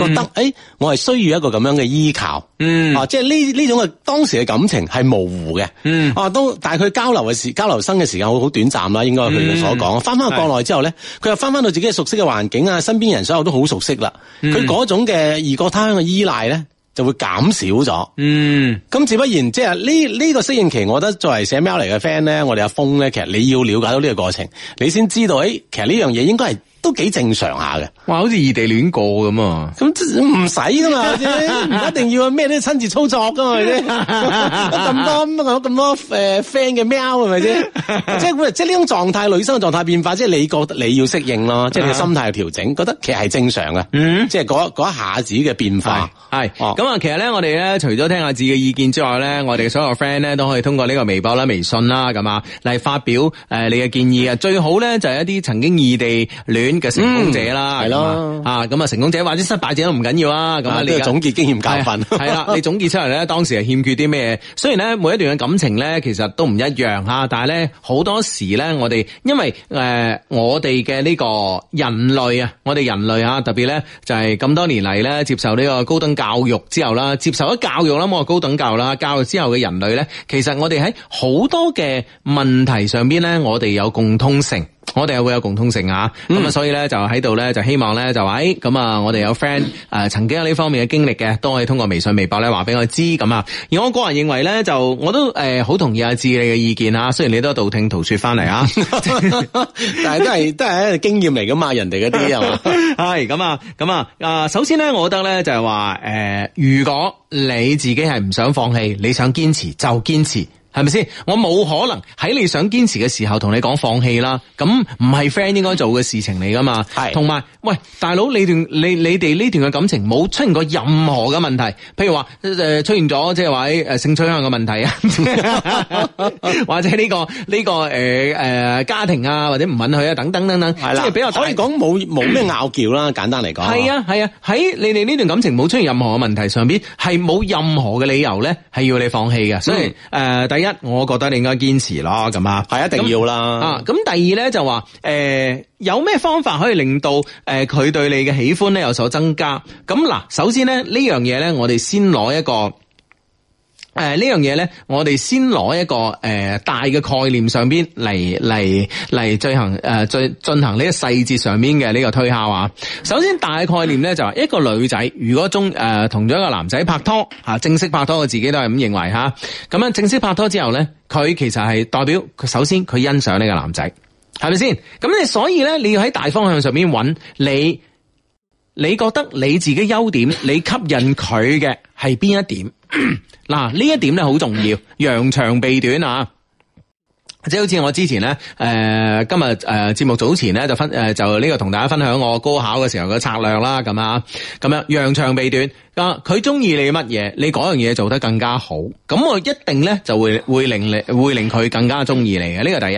嗯、覺得誒、欸，我係需要一個咁樣嘅依靠、嗯，啊，即係呢呢種嘅當時嘅感情係模糊嘅、嗯，啊都，但係佢交流嘅時交流生嘅時間好好短暫啦，應該佢哋所講，翻、嗯、翻到國內之後咧，佢又翻翻到自己嘅熟悉嘅環境啊，身邊人所有都好熟悉啦，佢、嗯、嗰種嘅異國他鄉嘅依賴咧就會減少咗，咁、嗯、自不然即係呢呢個適應期，我覺得作為寫 mail 嚟嘅 friend 咧，我哋阿峰咧，其實你要了解到呢個過程，你先知道誒、欸，其實呢樣嘢應該係。都幾正常下嘅，哇！好似異地戀過咁啊，咁唔使噶嘛，唔 一定要咩都親自操作噶嘛，咁 多咁咁多誒 friend 嘅喵係咪啫？即係即係呢種狀態，女生嘅狀態變化，即係你覺得你要適應咯，即係你心態調整，uh -huh. 覺得其實係正常嘅，即係嗰一下子嘅變化係。咁啊，uh -huh. 其實咧，我哋咧除咗聽下自己嘅意見之外咧，我哋所有 friend 咧都可以通過呢個微博啦、微信啦咁啊，嚟發表誒你嘅建議啊，uh -huh. 最好咧就係一啲曾經異地戀嘅成功者啦，係咯啊，咁啊，成功者或者失敗者都唔緊要啦。咁啊，你總結經驗教訓，係啦，你總結出嚟咧，當時係欠缺啲咩？雖然咧每一段嘅感情咧，其實都唔一樣吓，但係咧好多時咧，我哋因為誒，我哋嘅呢個人類啊，我哋人類啊，特別咧就係咁多年嚟咧，接受呢個高等教育之後啦，接受咗教育啦，冇話高等教育啦，教育之後嘅人類咧，其實我哋喺好多嘅問題上邊咧，我哋有共通性。我哋係會有共通性啊，咁、嗯、啊，所以咧就喺度咧就希望咧就話，哎，咁啊，我哋有 friend 誒，曾經有呢方面嘅經歷嘅，都可以通過微信、微博咧話俾我知咁啊。而我個人認為咧，就我都誒好、呃、同意阿志你嘅意見啊。雖然你都道聽途說翻嚟啊，嗯、 但係都係都係經驗嚟噶嘛，人哋嗰啲啊，係咁啊，咁啊，啊，首先咧，我覺得咧就係、是、話，誒、呃，如果你自己係唔想放棄，你想堅持就堅持。係咪先？我冇可能喺你想堅持嘅時候同你講放棄啦。咁唔係 friend 應該做嘅事情嚟噶嘛？係。同埋，喂，大佬，你段你你哋呢段嘅感情冇出現過任何嘅問題，譬如話誒出現咗即係話喺誒性取向嘅問題啊，或者呢個呢個誒誒家庭啊或者唔允許啊等等等等，係啦，比較所以講冇冇咩拗撬啦。簡單嚟講，係啊係啊，喺你哋呢段感情冇出現任何嘅問題上邊，係冇任何嘅理由咧係要你放棄嘅。所以誒，第。第一，我覺得你應該堅持咯，咁啊，係一定要啦。啊，咁第二咧就話，誒、欸、有咩方法可以令到誒佢、欸、對你嘅喜歡咧有所增加？咁嗱，首先咧呢樣嘢咧，我哋先攞一個。誒，呢樣嘢呢，我哋先攞一個誒大嘅概念上邊嚟嚟嚟進行誒，進進行呢個細節上面嘅呢個推敲啊。首先大概念呢，就係一個女仔，如果中誒同咗一個男仔拍拖吓，啊，正式拍拖，我自己都係咁認為吓。啊，咁樣正式拍拖之後呢，佢其實係代表佢首先佢欣賞呢個男仔，係咪先？咁你所以呢，你要喺大方向上面揾你你覺得你自己優點，你吸引佢嘅係邊一點？嗱，呢 一點咧好重要，揚長避短啊！即係好似我之前咧，誒、呃，今日誒、呃、節目早前咧就分，誒、呃、就呢個同大家分享我高考嘅時候嘅策略啦，咁啊，咁樣揚長避短。啊！佢中意你乜嘢？你嗰樣嘢做得更加好，咁我一定咧就會會令你會令佢更加中意你嘅。呢個第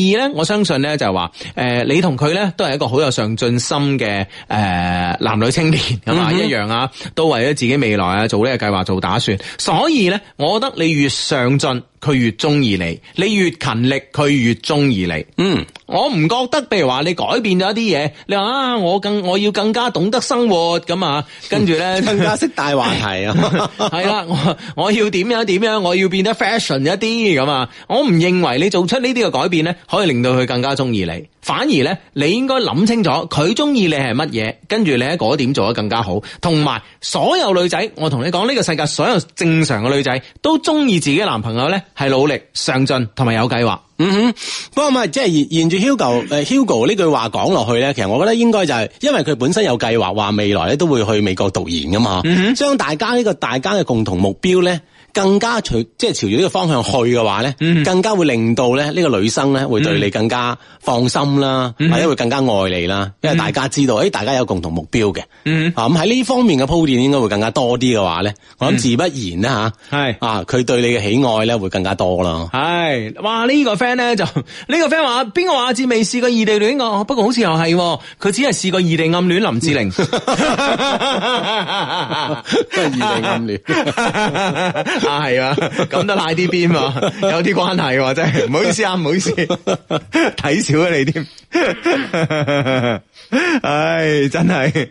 一，第二咧，我相信咧就係、是、話，誒、呃，你同佢咧都係一個好有上進心嘅誒、呃、男女青年，咁啊、嗯、一樣啊，都為咗自己未來啊做呢個計劃做打算。所以咧，我覺得你越上進，佢越中意你；你越勤力，佢越中意你。嗯。我唔覺得，譬如話你改變咗一啲嘢，你話啊，我更我要更加懂得生活咁啊，跟住咧更加識大話題啊，係 啦， 我我要點樣點樣，我要變得 fashion 一啲咁啊，我唔認為你做出呢啲嘅改變咧，可以令到佢更加中意你。反而咧，你應該諗清楚，佢中意你係乜嘢，跟住你喺嗰點做得更加好。同埋所有女仔，我同你講，呢、這個世界所有正常嘅女仔都中意自己嘅男朋友咧，係努力、上進同埋有計劃。嗯哼，不過咪即係沿沿住 Hugo 誒、嗯、Hugo 呢句話講落去咧，其實我覺得應該就係，因為佢本身有計劃話未來咧都會去美國讀研噶嘛，將、嗯、大家呢、這個大家嘅共同目標咧。更加隨即係朝住呢個方向去嘅話咧，mm -hmm. 更加會令到咧呢個女生咧會對你更加放心啦，mm -hmm. 或者會更加愛你啦。Mm -hmm. 因為大家知道，誒，大家有共同目標嘅，mm -hmm. 啊，咁喺呢方面嘅鋪墊應該會更加多啲嘅話咧，mm -hmm. 我諗自不然啦吓，係啊，佢、啊、對你嘅喜愛咧會更加多咯。係，哇，這個、呢就、這個 friend 咧就呢個 friend 話邊個話阿志未試過異地戀個，不過好似又係，佢只係試過異地暗戀林志玲，異 地暗戀。 啊，係啊，咁都拉啲邊啊，有啲關係喎，真係，唔好意思啊，唔好意思，睇少咗你添，唉，真係。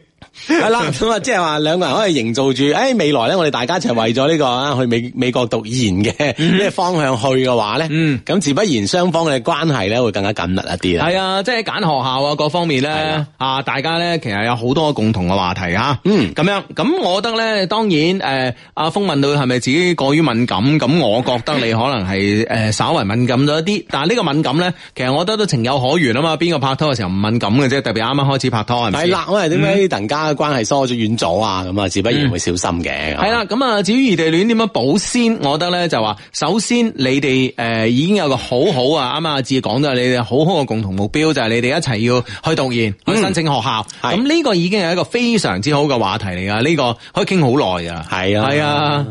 係 啦，咁啊，即係話兩個人可以營造住，誒，未來咧，我哋大家一齊為咗呢、這個啊去美美國讀研嘅，呢個方向去嘅話咧，咁、嗯、自不然雙方嘅關係咧會更加緊密一啲啊。係啊，即係揀學校啊，各方面咧啊，大家咧其實有好多共同嘅話題啊。嗯，咁樣，咁我覺得咧，當然誒，阿、啊、峰問到係咪自己過於敏感，咁我覺得你可能係誒稍為敏感咗一啲、嗯，但係呢個敏感咧，其實我覺得都情有可原啊嘛。邊個拍拖嘅時候唔敏感嘅啫，特別啱啱開始拍拖係咪？係啦，我係點解家嘅關係疏咗遠咗啊，咁啊，自不然會小心嘅。係、嗯、啦，咁、嗯、啊，至於異地戀點樣保鮮，我覺得咧就話，首先你哋誒、呃、已經有個好好啊，啱啱阿志講咗，你哋好好嘅共同目標就係、是、你哋一齊要去讀研去申請學校。咁、嗯、呢個已經係一個非常之好嘅話題嚟噶，呢、這個可以傾好耐噶。係啊，係啊，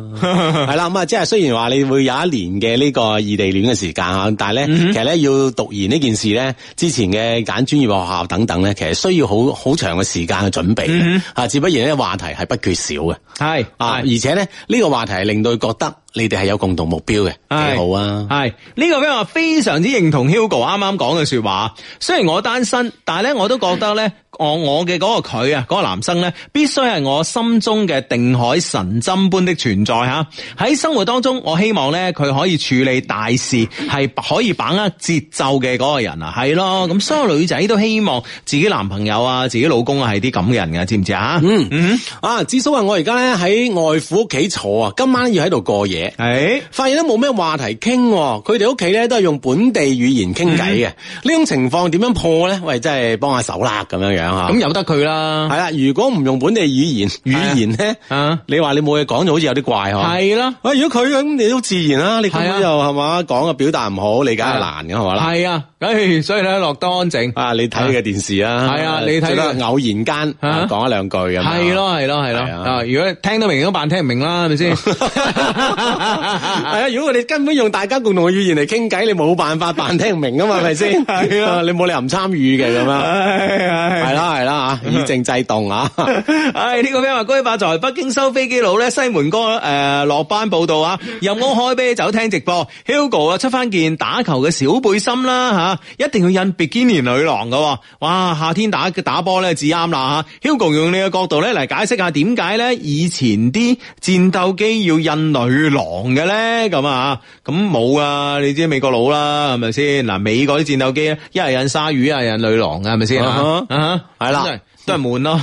係 啦，咁啊，即係雖然話你會有一年嘅呢個異地戀嘅時間啊，但係咧、嗯，其實咧要讀研呢件事咧，之前嘅揀專業嘅學校等等咧，其實需要好好長嘅時間嘅準備。嗯哼啊，自不然呢個話題係不缺少嘅，係啊，而且咧呢、這個話題係令到佢覺得。你哋係有共同目標嘅，幾好啊！係呢、這個咧，我非常之認同 Hugo 啱啱講嘅說話。雖然我單身，但係咧我都覺得咧，我我嘅嗰個佢啊，嗰、嗰個男生咧，必須係我心中嘅定海神針般的存在吓。喺生活當中，我希望咧佢可以處理大事，係可以把握節奏嘅嗰個人啊。係咯，咁所有女仔都希望自己男朋友啊、自己老公啊係啲咁嘅人㗎，知唔知啊？嗯嗯，啊，至少話我而家咧喺外父屋企坐啊，今晚要喺度過夜。係，發現都冇咩話題傾，佢哋屋企咧都係用本地語言傾偈嘅。呢、嗯、種情況點樣破咧？喂，真係幫下手啦，咁樣樣吓。咁由得佢啦。係啦，如果唔用本地語言，語言咧、啊，你，你話你冇嘢講，就好似有啲怪嗬。係啦，喂，如果佢咁、啊，你都自然啦。你咁又係嘛，講嘅表達唔好，理解係難嘅，係咪啦？係啊。哎、所以咧落得安靜啊！你睇嘅電視啊，係啊，啊，你睇偶然間講一兩句咁，係咯、啊，係咯、啊，係咯、啊啊啊啊啊。如果聽得明都扮聽唔明啦，係咪先？係啊，如果你根本用大家共同嘅語言嚟傾偈，你冇辦法扮聽唔明啊嘛，係咪先？係啊， 你冇理由唔參與嘅咁啊。係係係啦係啦吓，以靜制動啊！誒， 呢、這個咩話？恭喜發財！北京收飛機佬咧，西門哥誒、呃、落班報道啊！入屋開啤酒聽直播，Hugo 啊出翻件打球嘅小背心啦吓。一定要印比基尼女郎噶，哇！夏天打打波咧，至啱啦吓。Hugo 用呢個角度咧嚟解釋下點解咧，以前啲戰鬥機要印女郎嘅咧，咁啊，咁冇啊，你知美國佬啦，係咪先？嗱，美國啲戰鬥機咧，一係印鯊魚，一係印女郎嘅，係咪先？啊，係啦， 都係悶悶咯，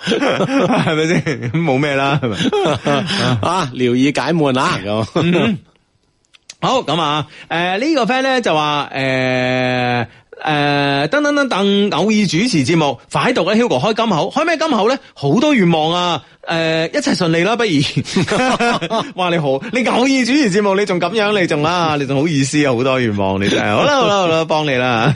係咪先？咁冇咩啦，係咪？啊，聊以解悶啊。 好咁啊！誒，呢、呃這個 friend 咧就話，誒、呃誒、呃，等等等等，偶爾主持節目，快讀啦，Hugo 開金口，開咩金口咧？好多願望啊！誒、呃，一切順利啦，不如， 哇！你好，你偶爾主持節目，你仲咁樣，你仲啦， 你仲好意思啊？好多願望，你真好啦好啦好啦，幫你啦，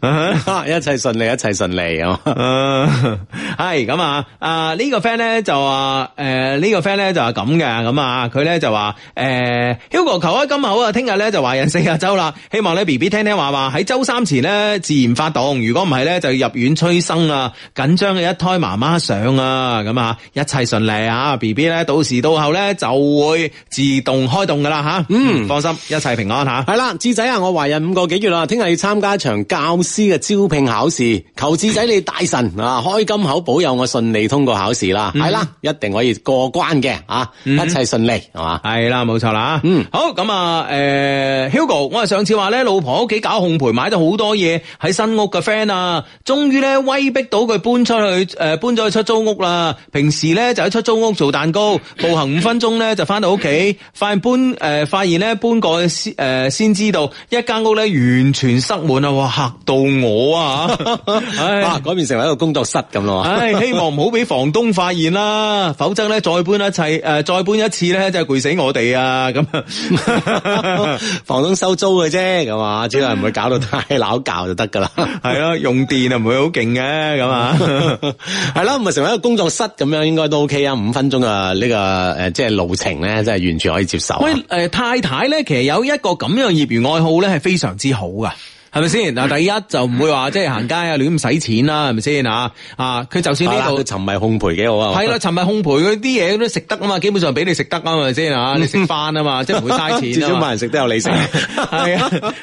啦你 一切順利，一切順利 啊！係、呃、咁、這個呃這個就是、啊，啊呢個 friend 咧就話，誒呢個 friend 咧就係咁嘅，咁啊佢咧就話，誒 Hugo 求開金口啊，聽日咧就話人四十周啦，希望你 B B 聽聽話話喺周三前。咧自然發動，如果唔係咧就要入院催生啊！緊張嘅一胎媽媽上啊，咁啊一切順利啊！B B 咧到時到後咧就會自動開動噶啦吓，嗯，放心，一切平安吓。係、嗯、啦、啊，智仔啊，我懷孕五個幾月啦，聽日要參加一場教師嘅招聘考試，求智仔你大神啊， 開金口保佑我順利通過考試啦，係、嗯、啦，一定可以過關嘅啊、嗯，一切順利係嘛，係、嗯、啦，冇錯啦啊，嗯，好咁啊，誒、呃，Hugo，我啊上次話咧，老婆屋企搞烘焙，買咗好多。嘢喺新屋嘅 friend 啊，終於咧威逼到佢搬出去，誒、呃、搬咗去出租屋啦。平時咧就喺出租屋做蛋糕，步行五分鐘咧就翻到屋企。發現搬誒、呃，發現咧搬過去先誒、呃，先知道一間屋咧完全塞滿啊！哇，吓到我啊！ 唉，改變成為一個工作室咁咯。唉，希望唔好俾房東發現啦，否則咧再搬一切誒、呃、再搬一次咧就係、是、攰死我哋啊！咁， 房東收租嘅啫，咁啊，主要係唔會搞到太鬧。 教就得噶啦，係 啊，用電啊唔會好勁嘅咁啊，係啦，咯，唔係成為一個工作室咁樣，應該都 OK 啊。五分鐘啊、這個，呢個誒，即係路程咧，真係完全可以接受。喂，誒、呃，太太咧，其實有一個咁樣嘅業餘愛好咧，係非常之好噶。係咪先嗱？第一就唔會話即係行街亂洗啊，亂咁使錢啦，係咪先啊？啊，佢就算呢度、啊、沉迷烘焙幾好啊，係啦、啊，沉迷烘焙嗰啲嘢都食得啊嘛，基本上俾你食得啊嘛，先、 就是、啊，你食翻啊嘛，即係唔會嘥錢。至少買人食都有你食，係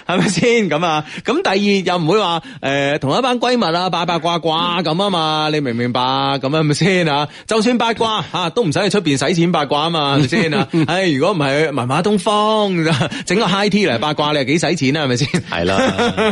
係咪先咁啊？咁、 啊、 第二又唔會話誒、欸，同一班閨蜜啊，擺八卦卦咁啊嘛？你明唔明白？咁啊，咪先啊？就算八卦、 啊、都唔使去出邊使錢八卦啊嘛，先啊、 哎！如果唔係文華東方整 個 high tea 嚟八卦，你幾使錢啊？係咪先？係啦。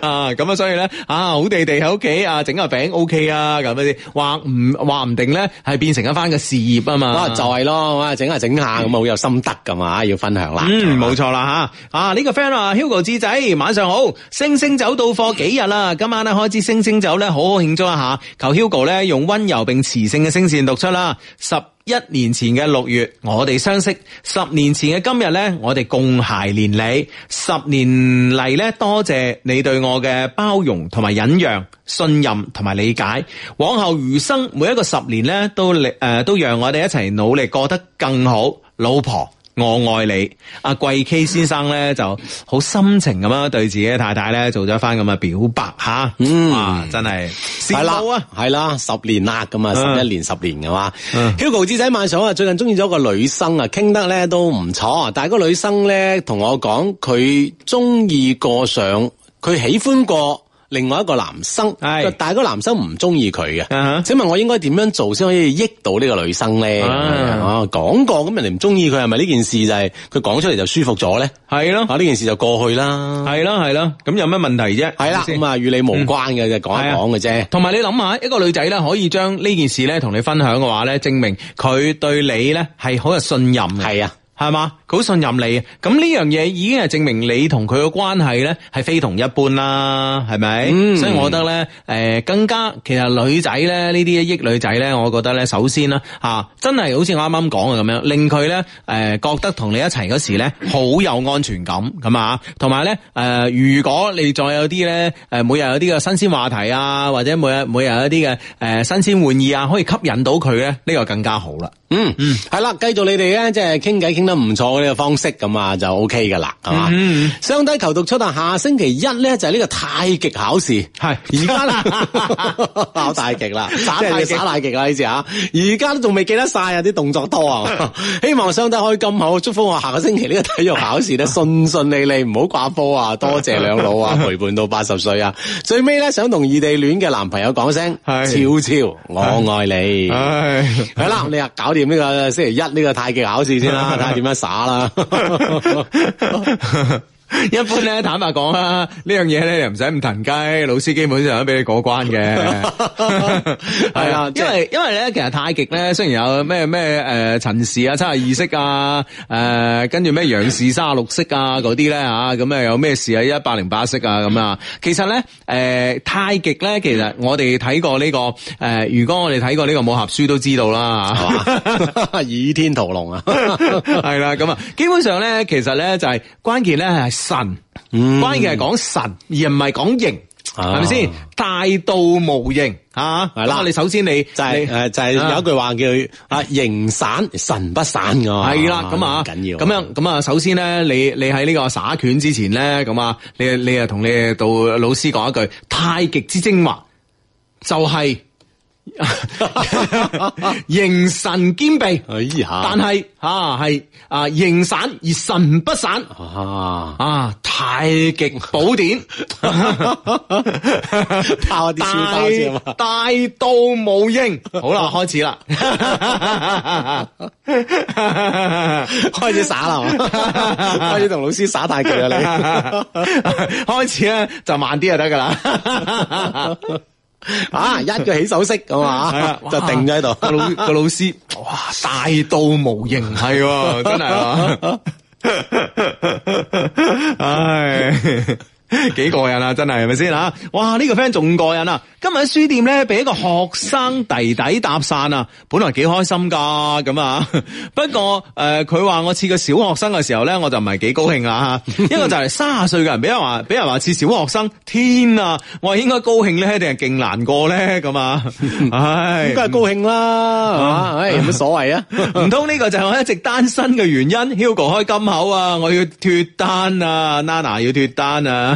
啊 咁啊，所以咧啊，好地地喺屋企啊，整下餅 OK 啊，咁啊啲話唔話唔定咧，係變成一番嘅事業啊嘛，就係咯，整下整下咁啊，好、啊就是啊、有心得㗎嘛，要分享啦。嗯，冇錯啦吓，啊呢、這個 friend 啊，Hugo 智仔，晚上好，星星酒到貨幾日啦，今晚咧開始星星酒咧好好慶祝一下，求 Hugo 咧用溫柔並磁性嘅聲線讀出啦，十。一年前嘅六月，我哋相識；十年前嘅今日呢，我哋共偕連理。十年嚟呢，多謝你對我嘅包容同埋忍讓、信任同埋理解。往後餘生，每一個十年呢，都力誒、呃，都讓我哋一齊努力過得更好，老婆。我愛你，阿貴 K 先生咧就好深情咁樣對自己嘅太太咧做咗翻咁嘅表白吓，啊、嗯、真係係啦，係啦，十年啦咁啊，十一年、十年嘅話、啊、Hugo 智仔晚上啊最近中意咗個女生啊，傾得咧都唔錯，但係個女生咧同我講佢中意過上，佢喜歡過。另外一個男生，係但係嗰男生唔中意佢嘅，請問我應該點樣做先可以益到呢個女生咧？哦、啊啊、講、啊啊、過咁人哋唔中意佢，係咪呢件事就係佢講出嚟，就舒服咗咧？係咯，啊呢件事就過去啦，係咯係咯，咁有咩問題啫？係啦，咁啊與你無關嘅，就、嗯、講一講嘅啫。同埋你諗下，一個女仔咧可以將呢件事咧同你分享嘅話咧，證明佢對你咧係好有信任嘅。係啊。係嘛？佢好信任你，咁呢樣嘢已經係證明你同佢嘅關係咧係非同一般啦，係咪，嗯？所以我覺得咧，誒、呃，更加其實女仔咧呢啲益女仔咧，我覺得咧，首先啦吓、啊，真係好似我啱啱講嘅咁樣，令佢咧誒覺得同你一齊嗰時咧好有安全感咁啊，同埋咧誒，如果你再有啲咧誒，每日有啲嘅新鮮話題啊，或者每每日有一啲嘅誒新鮮玩意啊，可以吸引到佢咧，呢、這個更加好啦。嗯，係、嗯、啦，繼續你哋咧，即係傾偈傾得唔錯呢個方式咁啊，就 O K 噶啦係、嗯、嘛、嗯嗯啊。上帝求讀出啊，下星期一咧就係、是、呢個太極考試，係而家考太極啦，即 太耍太極啦呢次啊，而家都仲未記得晒啊，啲動作多啊，啊希望上帝可以咁好祝福我下個星期呢個體育考試咧順順利利，唔好掛科啊，多謝兩老啊，啊陪伴到八十歲啊，最尾咧想同異地戀嘅男朋友講聲，超超我愛你，係啦，你啊搞。呢、這個星期一呢個太極考試先啦，睇下點樣耍啦。 一般咧，坦白講啦， 樣呢樣嘢咧又唔使唔騰雞，老師基本上都俾你過關嘅。係啊，因為 因為咧，其實太極咧，雖然有咩咩誒陳氏啊、七十二式啊，誒、呃、跟住咩楊氏、三十六式啊嗰啲咧吓，咁啊有咩事啊一百零八式啊咁啊。其實咧，誒、呃、太極咧，其實我哋睇過呢、這個誒、呃，如果我哋睇過呢個武俠書都知道啦吓，倚 天屠龍啊， 係啦咁啊。基本上咧，其實咧就係、是、關鍵咧係。神，關鍵係講神而唔係講形，係咪先？大道無形啊，你、啊啊、首先你就係、是、就係有一句話叫啊，形、啊、散神不散嘅、啊，係啦，咁啊緊要。咁樣咁啊，啊，首先咧，你你喺呢個耍拳之前咧，咁啊，你你啊同你嘅道老師講一句，太極之精華就係、是。 形神兼備，哎、但係吓係啊，啊形散而神不散啊，啊太極寶典，啊啊太典啊太典啊、太大太典、啊、大道無應。好啦，開始啦， 開始耍啦， 開始同老師耍太極啦，你 開始咧、啊、就慢啲就得噶啦。 啊！一個起手式，係嘛，就定咗喺度個老個老師，哇！大到無形，係 真係，啊、 唉。幾過癮啊！真係係咪先啊？哇！呢、這個 friend 仲過癮啊！今日喺書店咧，俾一個學生弟弟搭訕啊！本來幾開心噶，咁啊。不過誒，佢、呃、話我似個小學生嘅時候咧，我就唔係幾高興啊！一個就係卅歲嘅人俾人話，俾人話似小學生。天啊！我係應該高興咧，定係勁難過咧？咁啊？唉、哎，梗係高興啦！唉、嗯啊哎，有乜所謂啊？唔通呢個就係我一直單身嘅原因？Hugo 開金口啊！我要脫單啊！Nana 要脫單啊！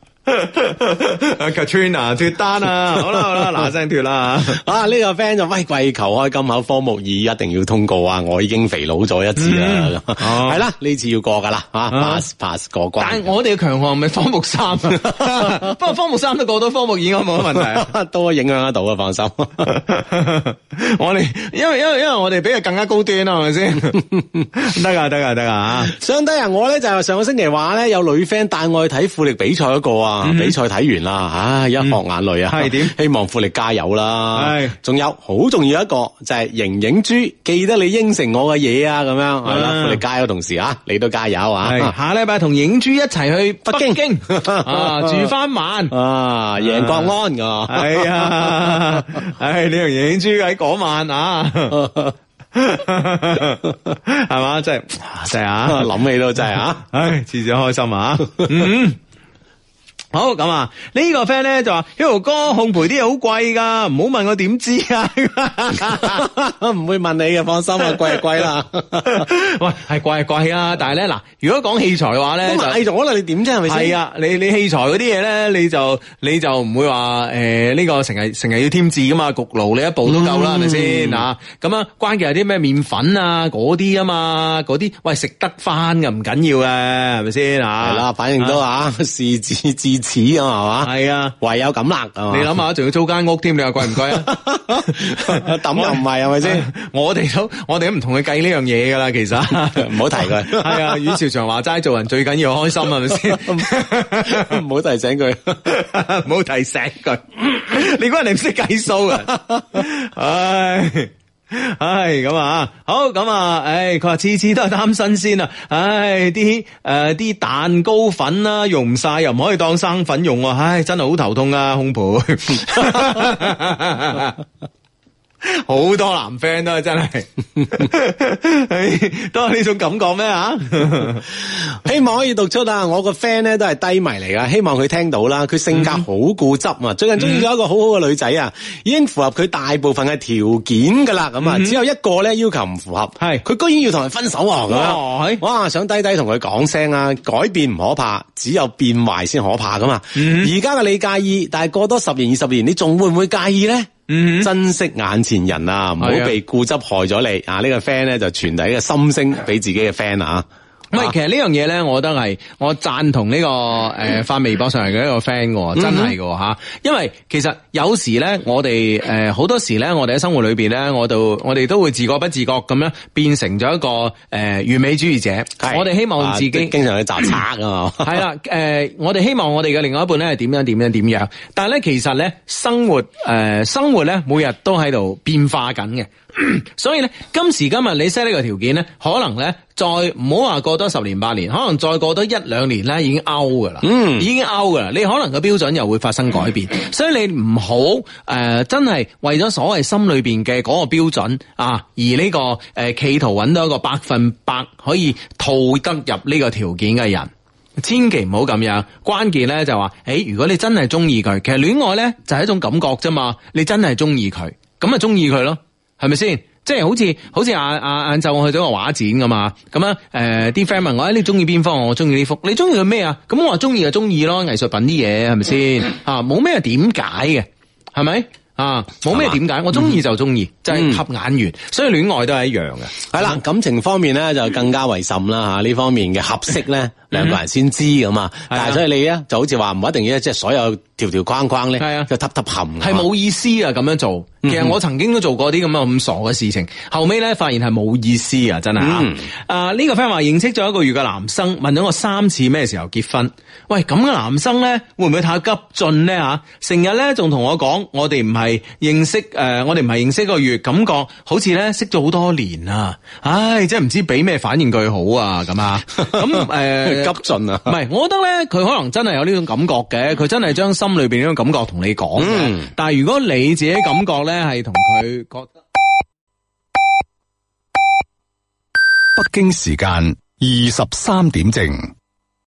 Katrina 脫單啊！好啦好啦，嗱聲脫啦啊！呢、這個 friend 就喂，跪、哎、求開金口，科目二一定要通過啊！我已經肥佬咗一次了、嗯啊、 啦，係啦，呢次要過噶啦啊，啊！pass pass 過關，但係我哋嘅強項咪科目三， 不過科目三都過到科目二，我 冇乜問題、啊， 都可以影響得到啊！放心， 我哋因為因為因為我哋比佢更加高端啊，係咪先？得噶得噶得噶上等啊，啊啊 上人我咧就係、是、上個星期話咧有女 friend 帶我去睇富力比賽嗰個啊！比賽睇完啦，唉，一落眼淚啊！係點、mm -hmm. 啊 mm -hmm. 啊？希望富力加油啦！係、哎，仲有好重要一個就係瑩瑩珠，記得你應承我嘅嘢啊！咁樣係啦、哎啊，富力加油同時啊，你都加油啊！哎、啊下禮拜同影珠一齊去北京 啊，住翻晚、啊啊哎 哎、晚啊，贏國安啊！係啊，唉、 哎，你同影珠喺嗰晚啊，係嘛？真係真係啊，諗起都真係啊，唉，次次都開心啊！ 嗯好咁啊！這個、fan 呢個 friend 咧就話，Hugo 哥烘焙啲嘢好貴噶，唔好問我點知啊！唔 會問你嘅，放心啊，貴係貴啦。喂，係貴係貴啊！但係咧嗱，如果講器材嘅話咧，就買咗啦，你點啫？係咪先？係啊，你你器材嗰啲嘢咧，你就你就唔會話誒呢個成日成日要添置噶嘛？焗爐你一步都夠啦，係咪先嗱？咁啊，關鍵係啲咩麵粉啊嗰啲啊嘛，嗰啲喂食得翻嘅唔緊要啊，係咪先啊？係啦，反映都啊，事至。事事事似啊嘛，係啊，唯有咁啦啊嘛。你諗下，仲要租間屋添，你話貴唔貴啊？抌又唔係，係咪先？我哋都我哋都唔同佢計呢樣嘢噶啦，其實唔好提佢。係啊，阮兆祥話齋做人最緊要開心啊，係咪先，唔好提醒佢，唔好提醒佢。你估你唔識計數啊？唉。唉，咁啊，好，咁啊，唉，佢話次次都係擔心先啊，唉，啲誒啲蛋糕粉啊，溶唔晒又唔可以當生粉用啊，唉，真係好頭痛啊，烘焙。好多男 friend、啊、 都真係，都係呢種感覺咩啊？ 希望可以讀出啊！我個 friend 咧都係低迷嚟噶，希望佢聽到啦。佢性格好固執啊，最近中意咗一個好好嘅女仔啊、嗯，已經符合佢大部分嘅條件噶啦，咁、嗯、啊，只有一個咧要求唔符合，係佢居然要同人分手啊咁樣，哇！想低低同佢講聲啊，改變唔可怕，只有變壞先可怕噶嘛。而家嘅你介意，但係過多十年二十年，你仲會唔會介意咧？嗯、mm -hmm.，珍惜眼前人啊！唔好被固執害咗你的啊！這個、呢個 friend 咧就傳遞一個心聲俾自己嘅 friend 啊。唔、啊、係，其實呢樣嘢咧，我覺得係我贊同呢、這個誒、呃、發微博上嚟嘅一個 friend 嘅，真係嘅吓。因為其實有時咧，我哋誒好多時咧，我哋喺生活裏邊咧，我哋我哋都會自覺不自覺咁樣變成咗一個誒、呃、完美主義者。我哋希望自己、啊、經常去查差啊。係 啦，誒、呃、我哋希望我哋嘅另外一半咧係點樣點樣點樣。但係咧，其實咧生活誒、呃、生活咧每日都喺度變化緊嘅。 所以咧，今時今日你 set 呢個條件咧，可能咧再唔好話過多十年八年，可能再過多一兩年咧，已經 out 噶啦，嗯、mm.，已經 out 噶啦。你可能個標準又會發生改變，mm. 所以你唔好誒，真係為咗所謂心裏邊嘅嗰個標準啊，而呢、這個誒、呃、企圖搵到一個百分百可以套得入呢個條件嘅人，千祈唔好咁樣。關鍵咧就話，誒、欸，如果你真係中意佢，其實戀愛咧就係、是、一種感覺啫嘛。你真係中意佢，咁咪中意佢咯。係咪先？即係好似好似阿阿晏晝我去咗個畫展咁嘛，咁、嗯、啊，誒、呃，啲 friend 問我，誒，你中意邊方？我中意呢幅。你中意佢咩啊？咁我話中意就中意咯，藝術品啲嘢，係咪先？啊，冇咩點解嘅，係咪？啊，冇咩點解，我中意就中意、嗯，就係、是、合眼緣、嗯。所以戀愛都係一樣嘅。係啦，感情方面咧就更加為甚啦吓，呢方面嘅合適咧。 兩個人先知咁啊、嗯，但係所以你咧、啊、就好似話唔一定要，即係所有條條框框咧、啊，就揼揼冚，係冇意思啊！咁樣做、嗯，其實我曾經都做過啲咁樣咁傻嘅事情，後尾咧發現係冇意思、嗯、啊！真係啊！呢個 friend 話認識咗一個月嘅男生，問咗我三次咩時候結婚。喂，咁嘅男生咧會唔會太急進咧啊？成日咧仲同我講，我哋唔係認識誒、呃，我哋唔係認識個月，感覺好似咧識咗好多年啊！唉，真係唔知俾咩反應佢好啊！咁啊，咁 誒。呃 急進啊！唔係，我覺得咧，佢可能真係有呢種感覺嘅，佢真係將心裏邊呢種感覺同你講。嗯，但係如果你自己感覺咧，係同佢覺得。北京時間二十三點正。